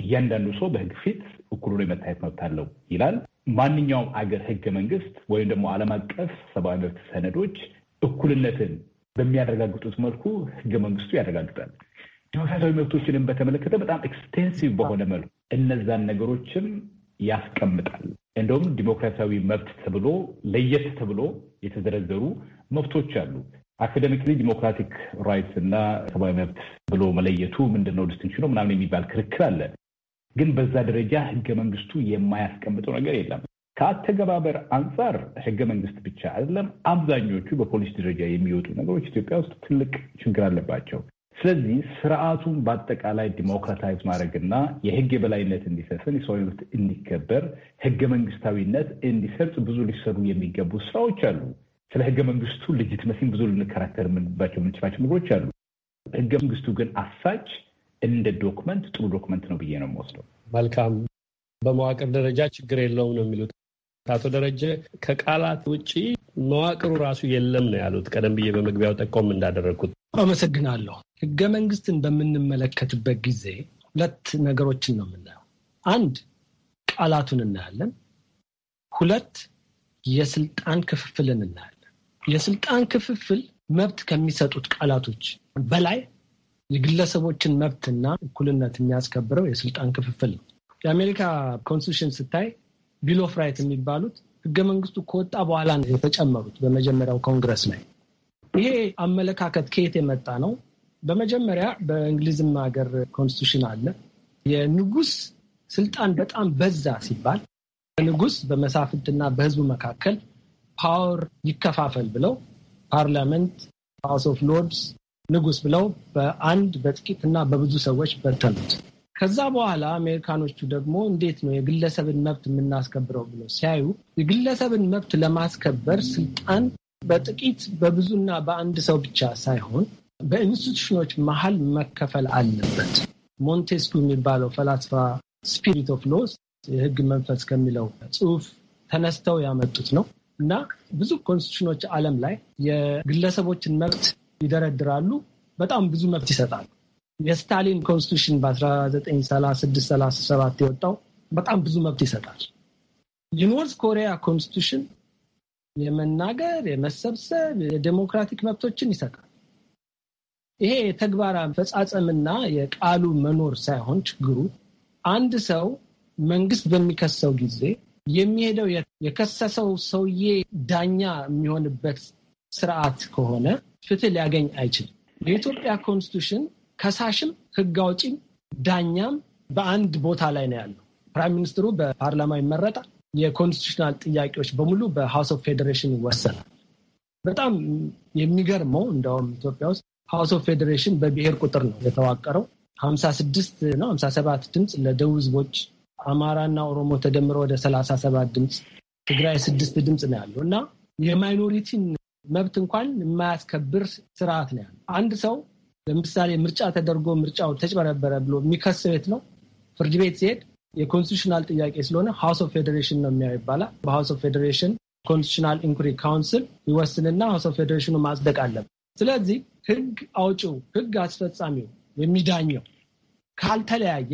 እያንዳንዱ ሰው በህግ ፊት እኩሉ የመታየት መብት አለው ይላል። ማንኛውም አገር ህገ መንግስት ወይም ደግሞ ዓለም አቀፍ ሰብአዊ መብት ሰነዶች እኩልነትን በሚያረጋግጡት መልኩ ህገ መንግስቱ ያረጋግጣል። ዲሞክራሲያዊ መብቶችንም በተመለከተ በጣም ኤክስቴንሲቭ በሆነ መልኩ እነዛን ነገሮችም ያስቀምጣል። እንደውም ዲሞክራሲያዊ መብት ተብሎ ለየት ተብሎ የተዘረዘሩ መብቶች አሉ። አካደሚክሊ ዲሞክራቲክ ራይትስ እና ሰብአዊ መብት ብሎ መለየቱ ምንድነው ነው ዲስቲንክሽኑ ምናምን የሚባል ክርክር አለ። ግን በዛ ደረጃ ህገ መንግስቱ የማያስቀምጠው ነገር የለም። ከአተገባበር አንጻር ህገ መንግስት ብቻ አይደለም፣ አብዛኞቹ በፖሊሲ ደረጃ የሚወጡ ነገሮች ኢትዮጵያ ውስጥ ትልቅ ችግር አለባቸው። ስለዚህ ስርዓቱን በአጠቃላይ ዲሞክራታይዝ ማድረግና የህግ የበላይነት እንዲሰፍን፣ የሰው መብት እንዲከበር፣ ህገ መንግስታዊነት እንዲሰርጥ ብዙ ሊሰሩ የሚገቡ ስራዎች አሉ። ስለ ህገ መንግስቱ ልጅትመሲን ብዙ ልንከራከር የምንባቸው የምንችላቸው ምግሮች አሉ። ህገ መንግስቱ ግን አሳች እንደ ዶክመንት ጥሩ ዶክመንት ነው ብዬ ነው የምወስደው። መልካም በመዋቅር ደረጃ ችግር የለውም ነው የሚሉት አቶ ደረጀ። ከቃላት ውጭ መዋቅሩ ራሱ የለም ነው ያሉት። ቀደም ብዬ በመግቢያው ጠቆም እንዳደረግኩት አመሰግናለሁ። ህገ መንግስትን በምንመለከትበት ጊዜ ሁለት ነገሮችን ነው የምናየው። አንድ ቃላቱን እናያለን። ሁለት የስልጣን ክፍፍልን እናያለን። የስልጣን ክፍፍል መብት ከሚሰጡት ቃላቶች በላይ የግለሰቦችን መብትና እኩልነት የሚያስከብረው የስልጣን ክፍፍል ነው። የአሜሪካ ኮንስቲቱሽን ስታይ ቢል ኦፍ ራይት የሚባሉት ህገ መንግስቱ ከወጣ በኋላ ነው የተጨመሩት በመጀመሪያው ኮንግረስ ላይ። ይሄ አመለካከት ከየት የመጣ ነው? በመጀመሪያ በእንግሊዝም ሀገር ኮንስቲቱሽን አለ። የንጉስ ስልጣን በጣም በዛ ሲባል ንጉስ በመሳፍንትና በህዝቡ መካከል ፓወር ይከፋፈል ብለው ፓርላመንት፣ ሃውስ ኦፍ ሎርድስ ንጉስ ብለው በአንድ በጥቂት እና በብዙ ሰዎች በተኑት። ከዛ በኋላ አሜሪካኖቹ ደግሞ እንዴት ነው የግለሰብን መብት የምናስከብረው ብለው ሲያዩ የግለሰብን መብት ለማስከበር ስልጣን በጥቂት በብዙና በአንድ ሰው ብቻ ሳይሆን በኢንስቲቱሽኖች መሀል መከፈል አለበት። ሞንቴስኩ የሚባለው ፈላስፋ ስፒሪት ኦፍ ሎስ የህግ መንፈስ ከሚለው ጽሁፍ ተነስተው ያመጡት ነው እና ብዙ ኮንስቲቱሽኖች ዓለም ላይ የግለሰቦችን መብት ይደረድራሉ። በጣም ብዙ መብት ይሰጣሉ። የስታሊን ኮንስቲቱሽን በ1936/37 የወጣው በጣም ብዙ መብት ይሰጣል። የኖርዝ ኮሪያ ኮንስቲቱሽን የመናገር፣ የመሰብሰብ፣ የዴሞክራቲክ መብቶችን ይሰጣል። ይሄ የተግባር አፈጻጸምና የቃሉ መኖር ሳይሆን ችግሩ አንድ ሰው መንግስት በሚከሰው ጊዜ የሚሄደው የከሰሰው ሰውዬ ዳኛ የሚሆንበት ስርዓት ከሆነ ፍትህ ሊያገኝ አይችልም። የኢትዮጵያ ኮንስቲቱሽን ከሳሽም ህግ አውጪም ዳኛም በአንድ ቦታ ላይ ነው ያለው። ፕራይም ሚኒስትሩ በፓርላማ ይመረጣል። የኮንስቲቱሽናል ጥያቄዎች በሙሉ በሃውስ ኦፍ ፌዴሬሽን ይወሰናል። በጣም የሚገርመው እንደውም ኢትዮጵያ ውስጥ ሃውስ ኦፍ ፌዴሬሽን በብሔር ቁጥር ነው የተዋቀረው። ሀምሳ ስድስት ነው ሀምሳ ሰባት ድምፅ ለደቡብ ህዝቦች፣ አማራና ኦሮሞ ተደምሮ ወደ ሰላሳ ሰባት ድምፅ፣ ትግራይ ስድስት ድምፅ ነው ያለው እና የማይኖሪቲን መብት እንኳን የማያስከብር ስርዓት ነው ያለው። አንድ ሰው ለምሳሌ ምርጫ ተደርጎ ምርጫው ተጭበረበረ ብሎ የሚከስ ቤት ነው። ፍርድ ቤት ሲሄድ የኮንስቲቱሽናል ጥያቄ ስለሆነ ሃውስ ኦፍ ፌዴሬሽን ነው የሚያው ይባላል። በሃውስ ኦፍ ፌዴሬሽን ኮንስቲቱሽናል ኢንኩሪ ካውንስል ይወስንና ሃውስ ኦፍ ፌዴሬሽኑ ማጽደቅ አለበት። ስለዚህ ህግ አውጪው፣ ህግ አስፈጻሚው፣ የሚዳኘው ካልተለያየ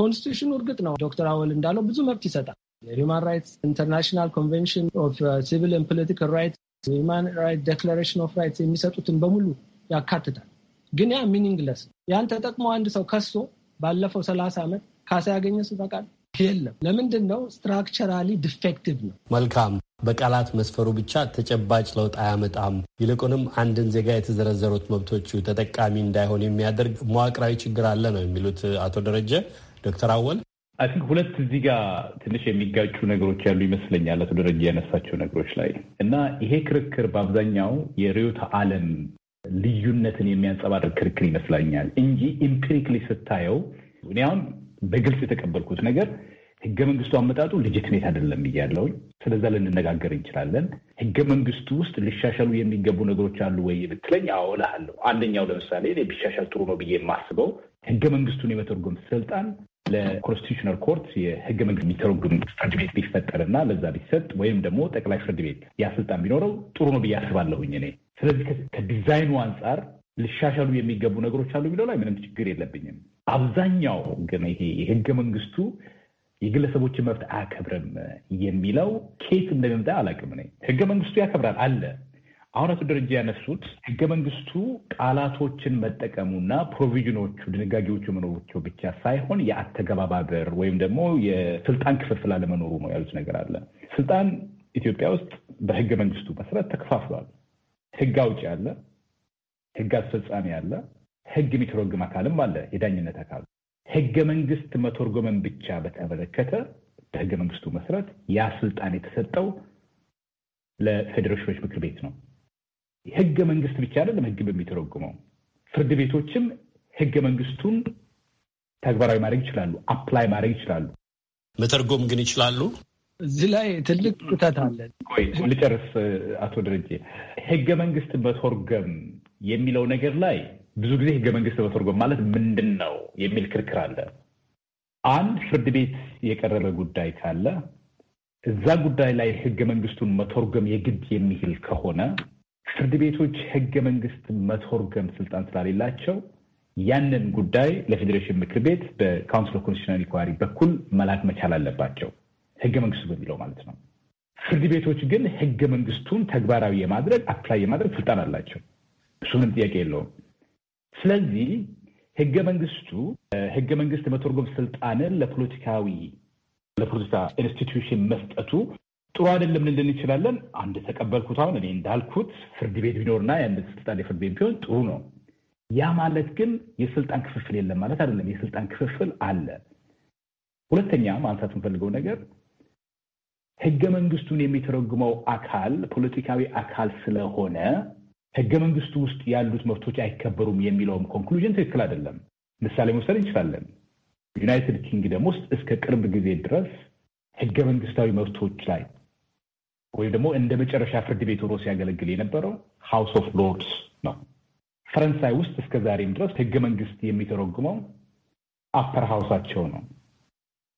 ኮንስቲቱሽኑ እርግጥ ነው ዶክተር አወል እንዳለው ብዙ መብት ይሰጣል። የሂውማን ራይትስ ኢንተርናሽናል ኮንቬንሽን ኦፍ ሲቪል ፖለቲካል ራይትስ፣ የሂውማን ራይትስ ዴክላሬሽን ኦፍ ራይትስ የሚሰጡትን በሙሉ ያካትታል። ግን ያ ሚኒንግለስ ያን ተጠቅሞ አንድ ሰው ከሶ ባለፈው ሰላሳ ዓመት ካሳ ያገኘ ሰው የለም። ለምንድን ነው? ስትራክቸራሊ ዲፌክቲቭ ነው። መልካም። በቃላት መስፈሩ ብቻ ተጨባጭ ለውጥ አያመጣም። ይልቁንም አንድን ዜጋ የተዘረዘሩት መብቶቹ ተጠቃሚ እንዳይሆን የሚያደርግ መዋቅራዊ ችግር አለ ነው የሚሉት አቶ ደረጀ። ዶክተር አወል አይ ሁለት እዚህ ጋር ትንሽ የሚጋጩ ነገሮች ያሉ ይመስለኛል አቶ ደረጀ ያነሳቸው ነገሮች ላይ እና ይሄ ክርክር በአብዛኛው የርዕዮተ ዓለም ልዩነትን የሚያንጸባርቅ ክርክር ይመስላኛል እንጂ ኢምፒሪክሊ ስታየው እኔ አሁን በግልጽ የተቀበልኩት ነገር ህገ መንግስቱ አመጣጡ ልጅትሜት አይደለም እያለውኝ ስለዛ ልንነጋገር እንችላለን። ህገ መንግስቱ ውስጥ ሊሻሻሉ የሚገቡ ነገሮች አሉ ወይ ብትለኝ አወላሃለሁ። አንደኛው ለምሳሌ ቢሻሻል ጥሩ ነው ብዬ የማስበው ህገ መንግስቱን የመተርጎም ስልጣን ለኮንስቲቱሽናል ኮርት የህገ መንግስት የሚተረጉም ፍርድ ቤት ቢፈጠርና ለዛ ቢሰጥ ወይም ደግሞ ጠቅላይ ፍርድ ቤት ያስልጣን ስልጣን ቢኖረው ጥሩ ነው ብዬ አስባለሁኝ እኔ ስለዚህ ከዲዛይኑ አንጻር ሊሻሻሉ የሚገቡ ነገሮች አሉ የሚለው ላይ ምንም ችግር የለብኝም። አብዛኛው ግን ይሄ የህገ መንግስቱ የግለሰቦችን መብት አያከብርም የሚለው ኬት እንደሚመጣ አላውቅም። እኔ ህገ መንግስቱ ያከብራል አለ። አሁን አቶ ደረጃ ያነሱት ህገ መንግስቱ ቃላቶችን መጠቀሙና ፕሮቪዥኖቹ ድንጋጌዎቹ መኖሮቸው ብቻ ሳይሆን የአተገባባበር ወይም ደግሞ የስልጣን ክፍፍል አለመኖሩ ነው ያሉት ነገር አለ። ስልጣን ኢትዮጵያ ውስጥ በህገ መንግስቱ መሰረት ተከፋፍሏል። ህግ አውጭ አለ፣ ህግ አስፈጻሚ አለ፣ ህግ የሚተረጉም አካልም አለ። የዳኝነት አካል ህገ መንግስት መተርጎምን ብቻ በተመለከተ በህገ መንግስቱ መሰረት ያ ስልጣን የተሰጠው ለፌዴሬሽኖች ምክር ቤት ነው። ህገ መንግስት ብቻ አይደለም ህግ በሚተረጉመው ፍርድ ቤቶችም ህገ መንግስቱን ተግባራዊ ማድረግ ይችላሉ፣ አፕላይ ማድረግ ይችላሉ። መተርጎም ግን ይችላሉ እዚህ ላይ ትልቅ ክፍተት አለን። ቆይ ልጨርስ አቶ ደረጀ። ህገ መንግስት መተርጎም የሚለው ነገር ላይ ብዙ ጊዜ ህገ መንግስት መተርጎም ማለት ምንድን ነው የሚል ክርክር አለ። አንድ ፍርድ ቤት የቀረበ ጉዳይ ካለ እዛ ጉዳይ ላይ ህገ መንግስቱን መተርጎም የግድ የሚል ከሆነ ፍርድ ቤቶች ህገ መንግስት መተርጎም ስልጣን ስላሌላቸው ያንን ጉዳይ ለፌዴሬሽን ምክር ቤት በካውንስል ኦፍ ኮንስቲቱሽናል ኢንኳሪ በኩል መላክ መቻል አለባቸው። ህገ መንግስቱ በሚለው ማለት ነው። ፍርድ ቤቶች ግን ህገ መንግስቱን ተግባራዊ የማድረግ አፕላይ የማድረግ ስልጣን አላቸው። እሱ ጥያቄ የለውም። ስለዚህ ህገ መንግስቱ ህገ መንግስት መተርጎም ስልጣንን ለፖለቲካዊ ለፖለቲካ ኢንስቲትዩሽን መስጠቱ ጥሩ አይደለም ልንል እንችላለን። አንድ ተቀበልኩት። አሁን እኔ እንዳልኩት ፍርድ ቤት ቢኖርና የአንድ ስልጣን የፍርድ ቤት ቢሆን ጥሩ ነው። ያ ማለት ግን የስልጣን ክፍፍል የለም ማለት አይደለም። የስልጣን ክፍፍል አለ። ሁለተኛ ማንሳት የምፈልገው ነገር ህገ መንግስቱን የሚተረጉመው አካል ፖለቲካዊ አካል ስለሆነ ህገ መንግስቱ ውስጥ ያሉት መብቶች አይከበሩም የሚለውም ኮንክሉዥን ትክክል አይደለም። ምሳሌ መውሰድ እንችላለን። ዩናይትድ ኪንግደም ውስጥ እስከ ቅርብ ጊዜ ድረስ ህገ መንግስታዊ መብቶች ላይ ወይም ደግሞ እንደ መጨረሻ ፍርድ ቤት ሆኖ ሲያገለግል የነበረው ሃውስ ኦፍ ሎርድስ ነው። ፈረንሳይ ውስጥ እስከ ዛሬም ድረስ ህገ መንግስት የሚተረጉመው አፐር ሃውሳቸው ነው፣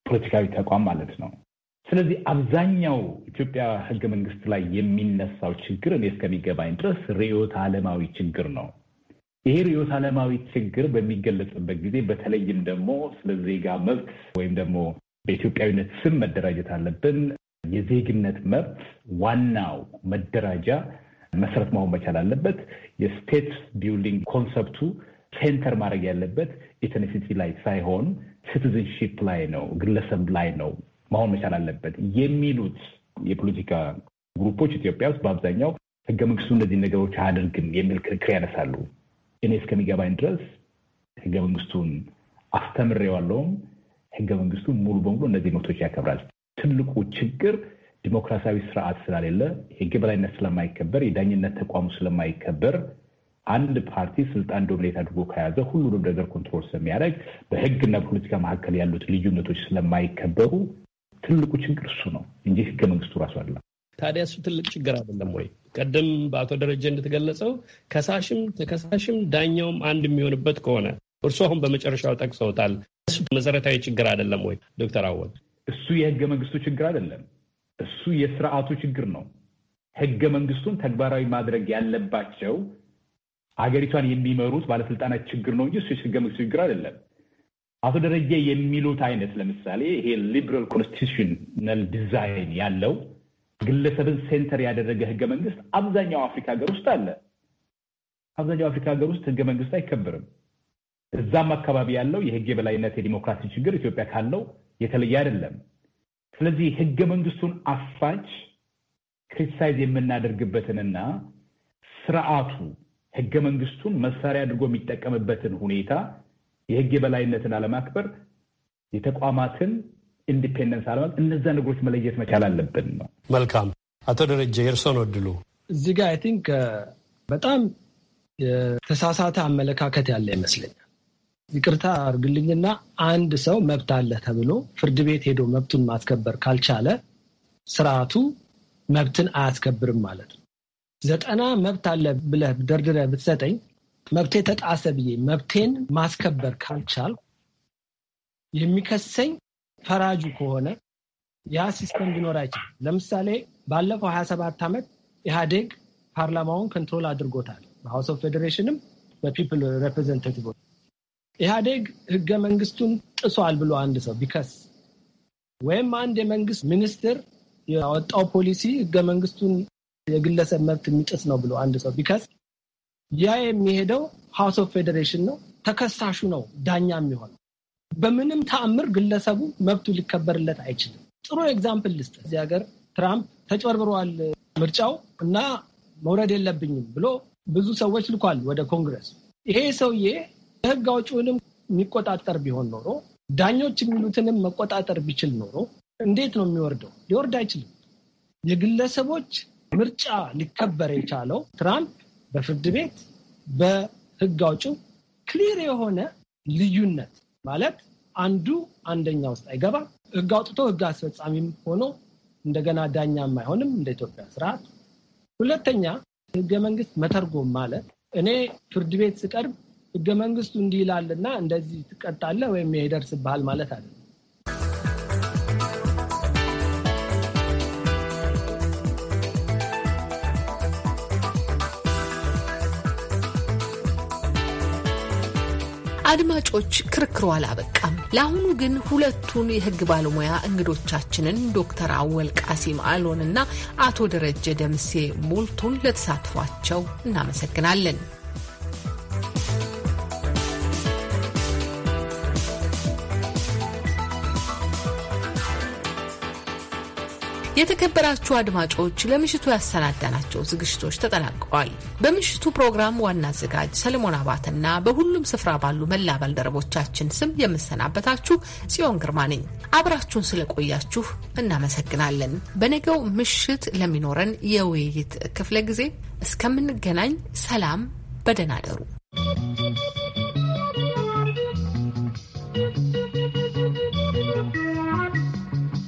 ፖለቲካዊ ተቋም ማለት ነው። ስለዚህ አብዛኛው ኢትዮጵያ ህገ መንግስት ላይ የሚነሳው ችግር እኔ እስከሚገባኝ ድረስ ርዕዮተ ዓለማዊ ችግር ነው። ይሄ ርዕዮተ ዓለማዊ ችግር በሚገለጽበት ጊዜ በተለይም ደግሞ ስለ ዜጋ መብት ወይም ደግሞ በኢትዮጵያዊነት ስም መደራጀት አለብን የዜግነት መብት ዋናው መደራጃ መሰረት መሆን መቻል አለበት። የስቴት ቢልዲንግ ኮንሰፕቱ ሴንተር ማድረግ ያለበት ኢትኒሲቲ ላይ ሳይሆን ሲቲዝንሺፕ ላይ ነው፣ ግለሰብ ላይ ነው መሆን መቻል አለበት የሚሉት የፖለቲካ ግሩፖች ኢትዮጵያ ውስጥ በአብዛኛው ህገ መንግስቱ እነዚህ ነገሮች አያደርግም የሚል ክርክር ያነሳሉ። እኔ እስከሚገባኝ ድረስ ህገ መንግስቱን አስተምሬዋለሁም ህገ መንግስቱ ሙሉ በሙሉ እነዚህ መብቶች ያከብራል። ትልቁ ችግር ዲሞክራሲያዊ ስርዓት ስለሌለ፣ የህግ በላይነት ስለማይከበር፣ የዳኝነት ተቋሙ ስለማይከበር አንድ ፓርቲ ስልጣን ዶሚኔት አድርጎ ከያዘ ሁሉንም ነገር ኮንትሮል ስለሚያደርግ በህግና ፖለቲካ መካከል ያሉት ልዩነቶች ስለማይከበሩ ትልቁ ችግር እሱ ነው እንጂ ህገ መንግስቱ ራሱ አይደለም። ታዲያ እሱ ትልቅ ችግር አይደለም ወይ? ቀደም በአቶ ደረጀ እንደተገለጸው ከሳሽም ተከሳሽም ዳኛውም አንድ የሚሆንበት ከሆነ እርሱ አሁን በመጨረሻው ጠቅሰውታል። እሱ መሰረታዊ ችግር አይደለም ወይ? ዶክተር አወል እሱ የህገ መንግስቱ ችግር አይደለም። እሱ የስርዓቱ ችግር ነው። ህገ መንግስቱን ተግባራዊ ማድረግ ያለባቸው ሀገሪቷን የሚመሩት ባለስልጣናት ችግር ነው እንጂ እሱ የህገ መንግስቱ ችግር አይደለም። አቶ ደረጀ የሚሉት አይነት ለምሳሌ ይሄ ሊብራል ኮንስቲቱሽናል ዲዛይን ያለው ግለሰብን ሴንተር ያደረገ ህገ መንግስት አብዛኛው አፍሪካ ሀገር ውስጥ አለ። አብዛኛው አፍሪካ ሀገር ውስጥ ህገ መንግስት አይከበርም። እዛም አካባቢ ያለው የህግ የበላይነት የዲሞክራሲ ችግር ኢትዮጵያ ካለው የተለየ አይደለም። ስለዚህ ህገ መንግስቱን አፋጭ ክሪቲሳይዝ የምናደርግበትንና ስርዓቱ ህገ መንግስቱን መሳሪያ አድርጎ የሚጠቀምበትን ሁኔታ የህግ የበላይነትን አለማክበር፣ የተቋማትን ኢንዲፔንደንስ አለማለት፣ እነዛ ነገሮች መለየት መቻል አለብን ነው። መልካም አቶ ደረጀ የእርስዎን ወድሉ እዚህ ጋር አይ ቲንክ በጣም የተሳሳተ አመለካከት ያለ ይመስለኛል። ይቅርታ አድርግልኝና አንድ ሰው መብት አለ ተብሎ ፍርድ ቤት ሄዶ መብቱን ማስከበር ካልቻለ ስርዓቱ መብትን አያስከብርም ማለት ነው። ዘጠና መብት አለ ብለህ ደርድረህ ብትሰጠኝ መብቴ ተጣሰ ብዬ መብቴን ማስከበር ካልቻል የሚከሰኝ ፈራጁ ከሆነ ያ ሲስተም ሊኖር አይችልም። ለምሳሌ ባለፈው ሀያ ሰባት ዓመት ኢህአዴግ ፓርላማውን ኮንትሮል አድርጎታል። በሀውስ ኦፍ ፌዴሬሽንም በፒፕል ሬፕሬዘንታቲቭ ኢህአዴግ ህገ መንግስቱን ጥሷል ብሎ አንድ ሰው ቢከስ ወይም አንድ የመንግስት ሚኒስትር ያወጣው ፖሊሲ ህገ መንግስቱን የግለሰብ መብት የሚጥስ ነው ብሎ አንድ ሰው ቢከስ ያ የሚሄደው ሀውስ ኦፍ ፌዴሬሽን ነው። ተከሳሹ ነው ዳኛ የሚሆነው። በምንም ተአምር ግለሰቡ መብቱ ሊከበርለት አይችልም። ጥሩ ኤግዛምፕል ልስጥ። እዚህ ሀገር ትራምፕ ተጭበርብረዋል ምርጫው እና መውረድ የለብኝም ብሎ ብዙ ሰዎች ልኳል ወደ ኮንግረስ። ይሄ ሰውዬ የህግ አውጭውንም የሚቆጣጠር ቢሆን ኖሮ ዳኞች የሚሉትንም መቆጣጠር ቢችል ኖሮ እንዴት ነው የሚወርደው? ሊወርድ አይችልም። የግለሰቦች ምርጫ ሊከበር የቻለው ትራምፕ በፍርድ ቤት በህግ አውጭው ክሊር የሆነ ልዩነት ማለት አንዱ አንደኛ ውስጥ አይገባ ህግ አውጥቶ ህግ አስፈጻሚም ሆኖ እንደገና ዳኛም አይሆንም እንደ ኢትዮጵያ ስርዓት። ሁለተኛ ህገ መንግስት መተርጎም ማለት እኔ ፍርድ ቤት ስቀርብ ህገ መንግስቱ እንዲህ ይላልና እንደዚህ ትቀጣለህ ወይም ይደርስብሃል ማለት አለ። አድማጮች፣ ክርክሩ አላበቃም። ለአሁኑ ግን ሁለቱን የህግ ባለሙያ እንግዶቻችንን ዶክተር አወል ቃሲም አሎን አቶ ደረጀ ደምሴ ሞልቱን ለተሳትፏቸው እናመሰግናለን። የተከበራችሁ አድማጮች ለምሽቱ ያሰናዳናቸው ዝግጅቶች ተጠናቅቀዋል። በምሽቱ ፕሮግራም ዋና አዘጋጅ ሰለሞን አባትና በሁሉም ስፍራ ባሉ መላ ባልደረቦቻችን ስም የምሰናበታችሁ ጽዮን ግርማ ነኝ። አብራችሁን ስለቆያችሁ እናመሰግናለን። በነገው ምሽት ለሚኖረን የውይይት ክፍለ ጊዜ እስከምንገናኝ ሰላም፣ በደህና አደሩ።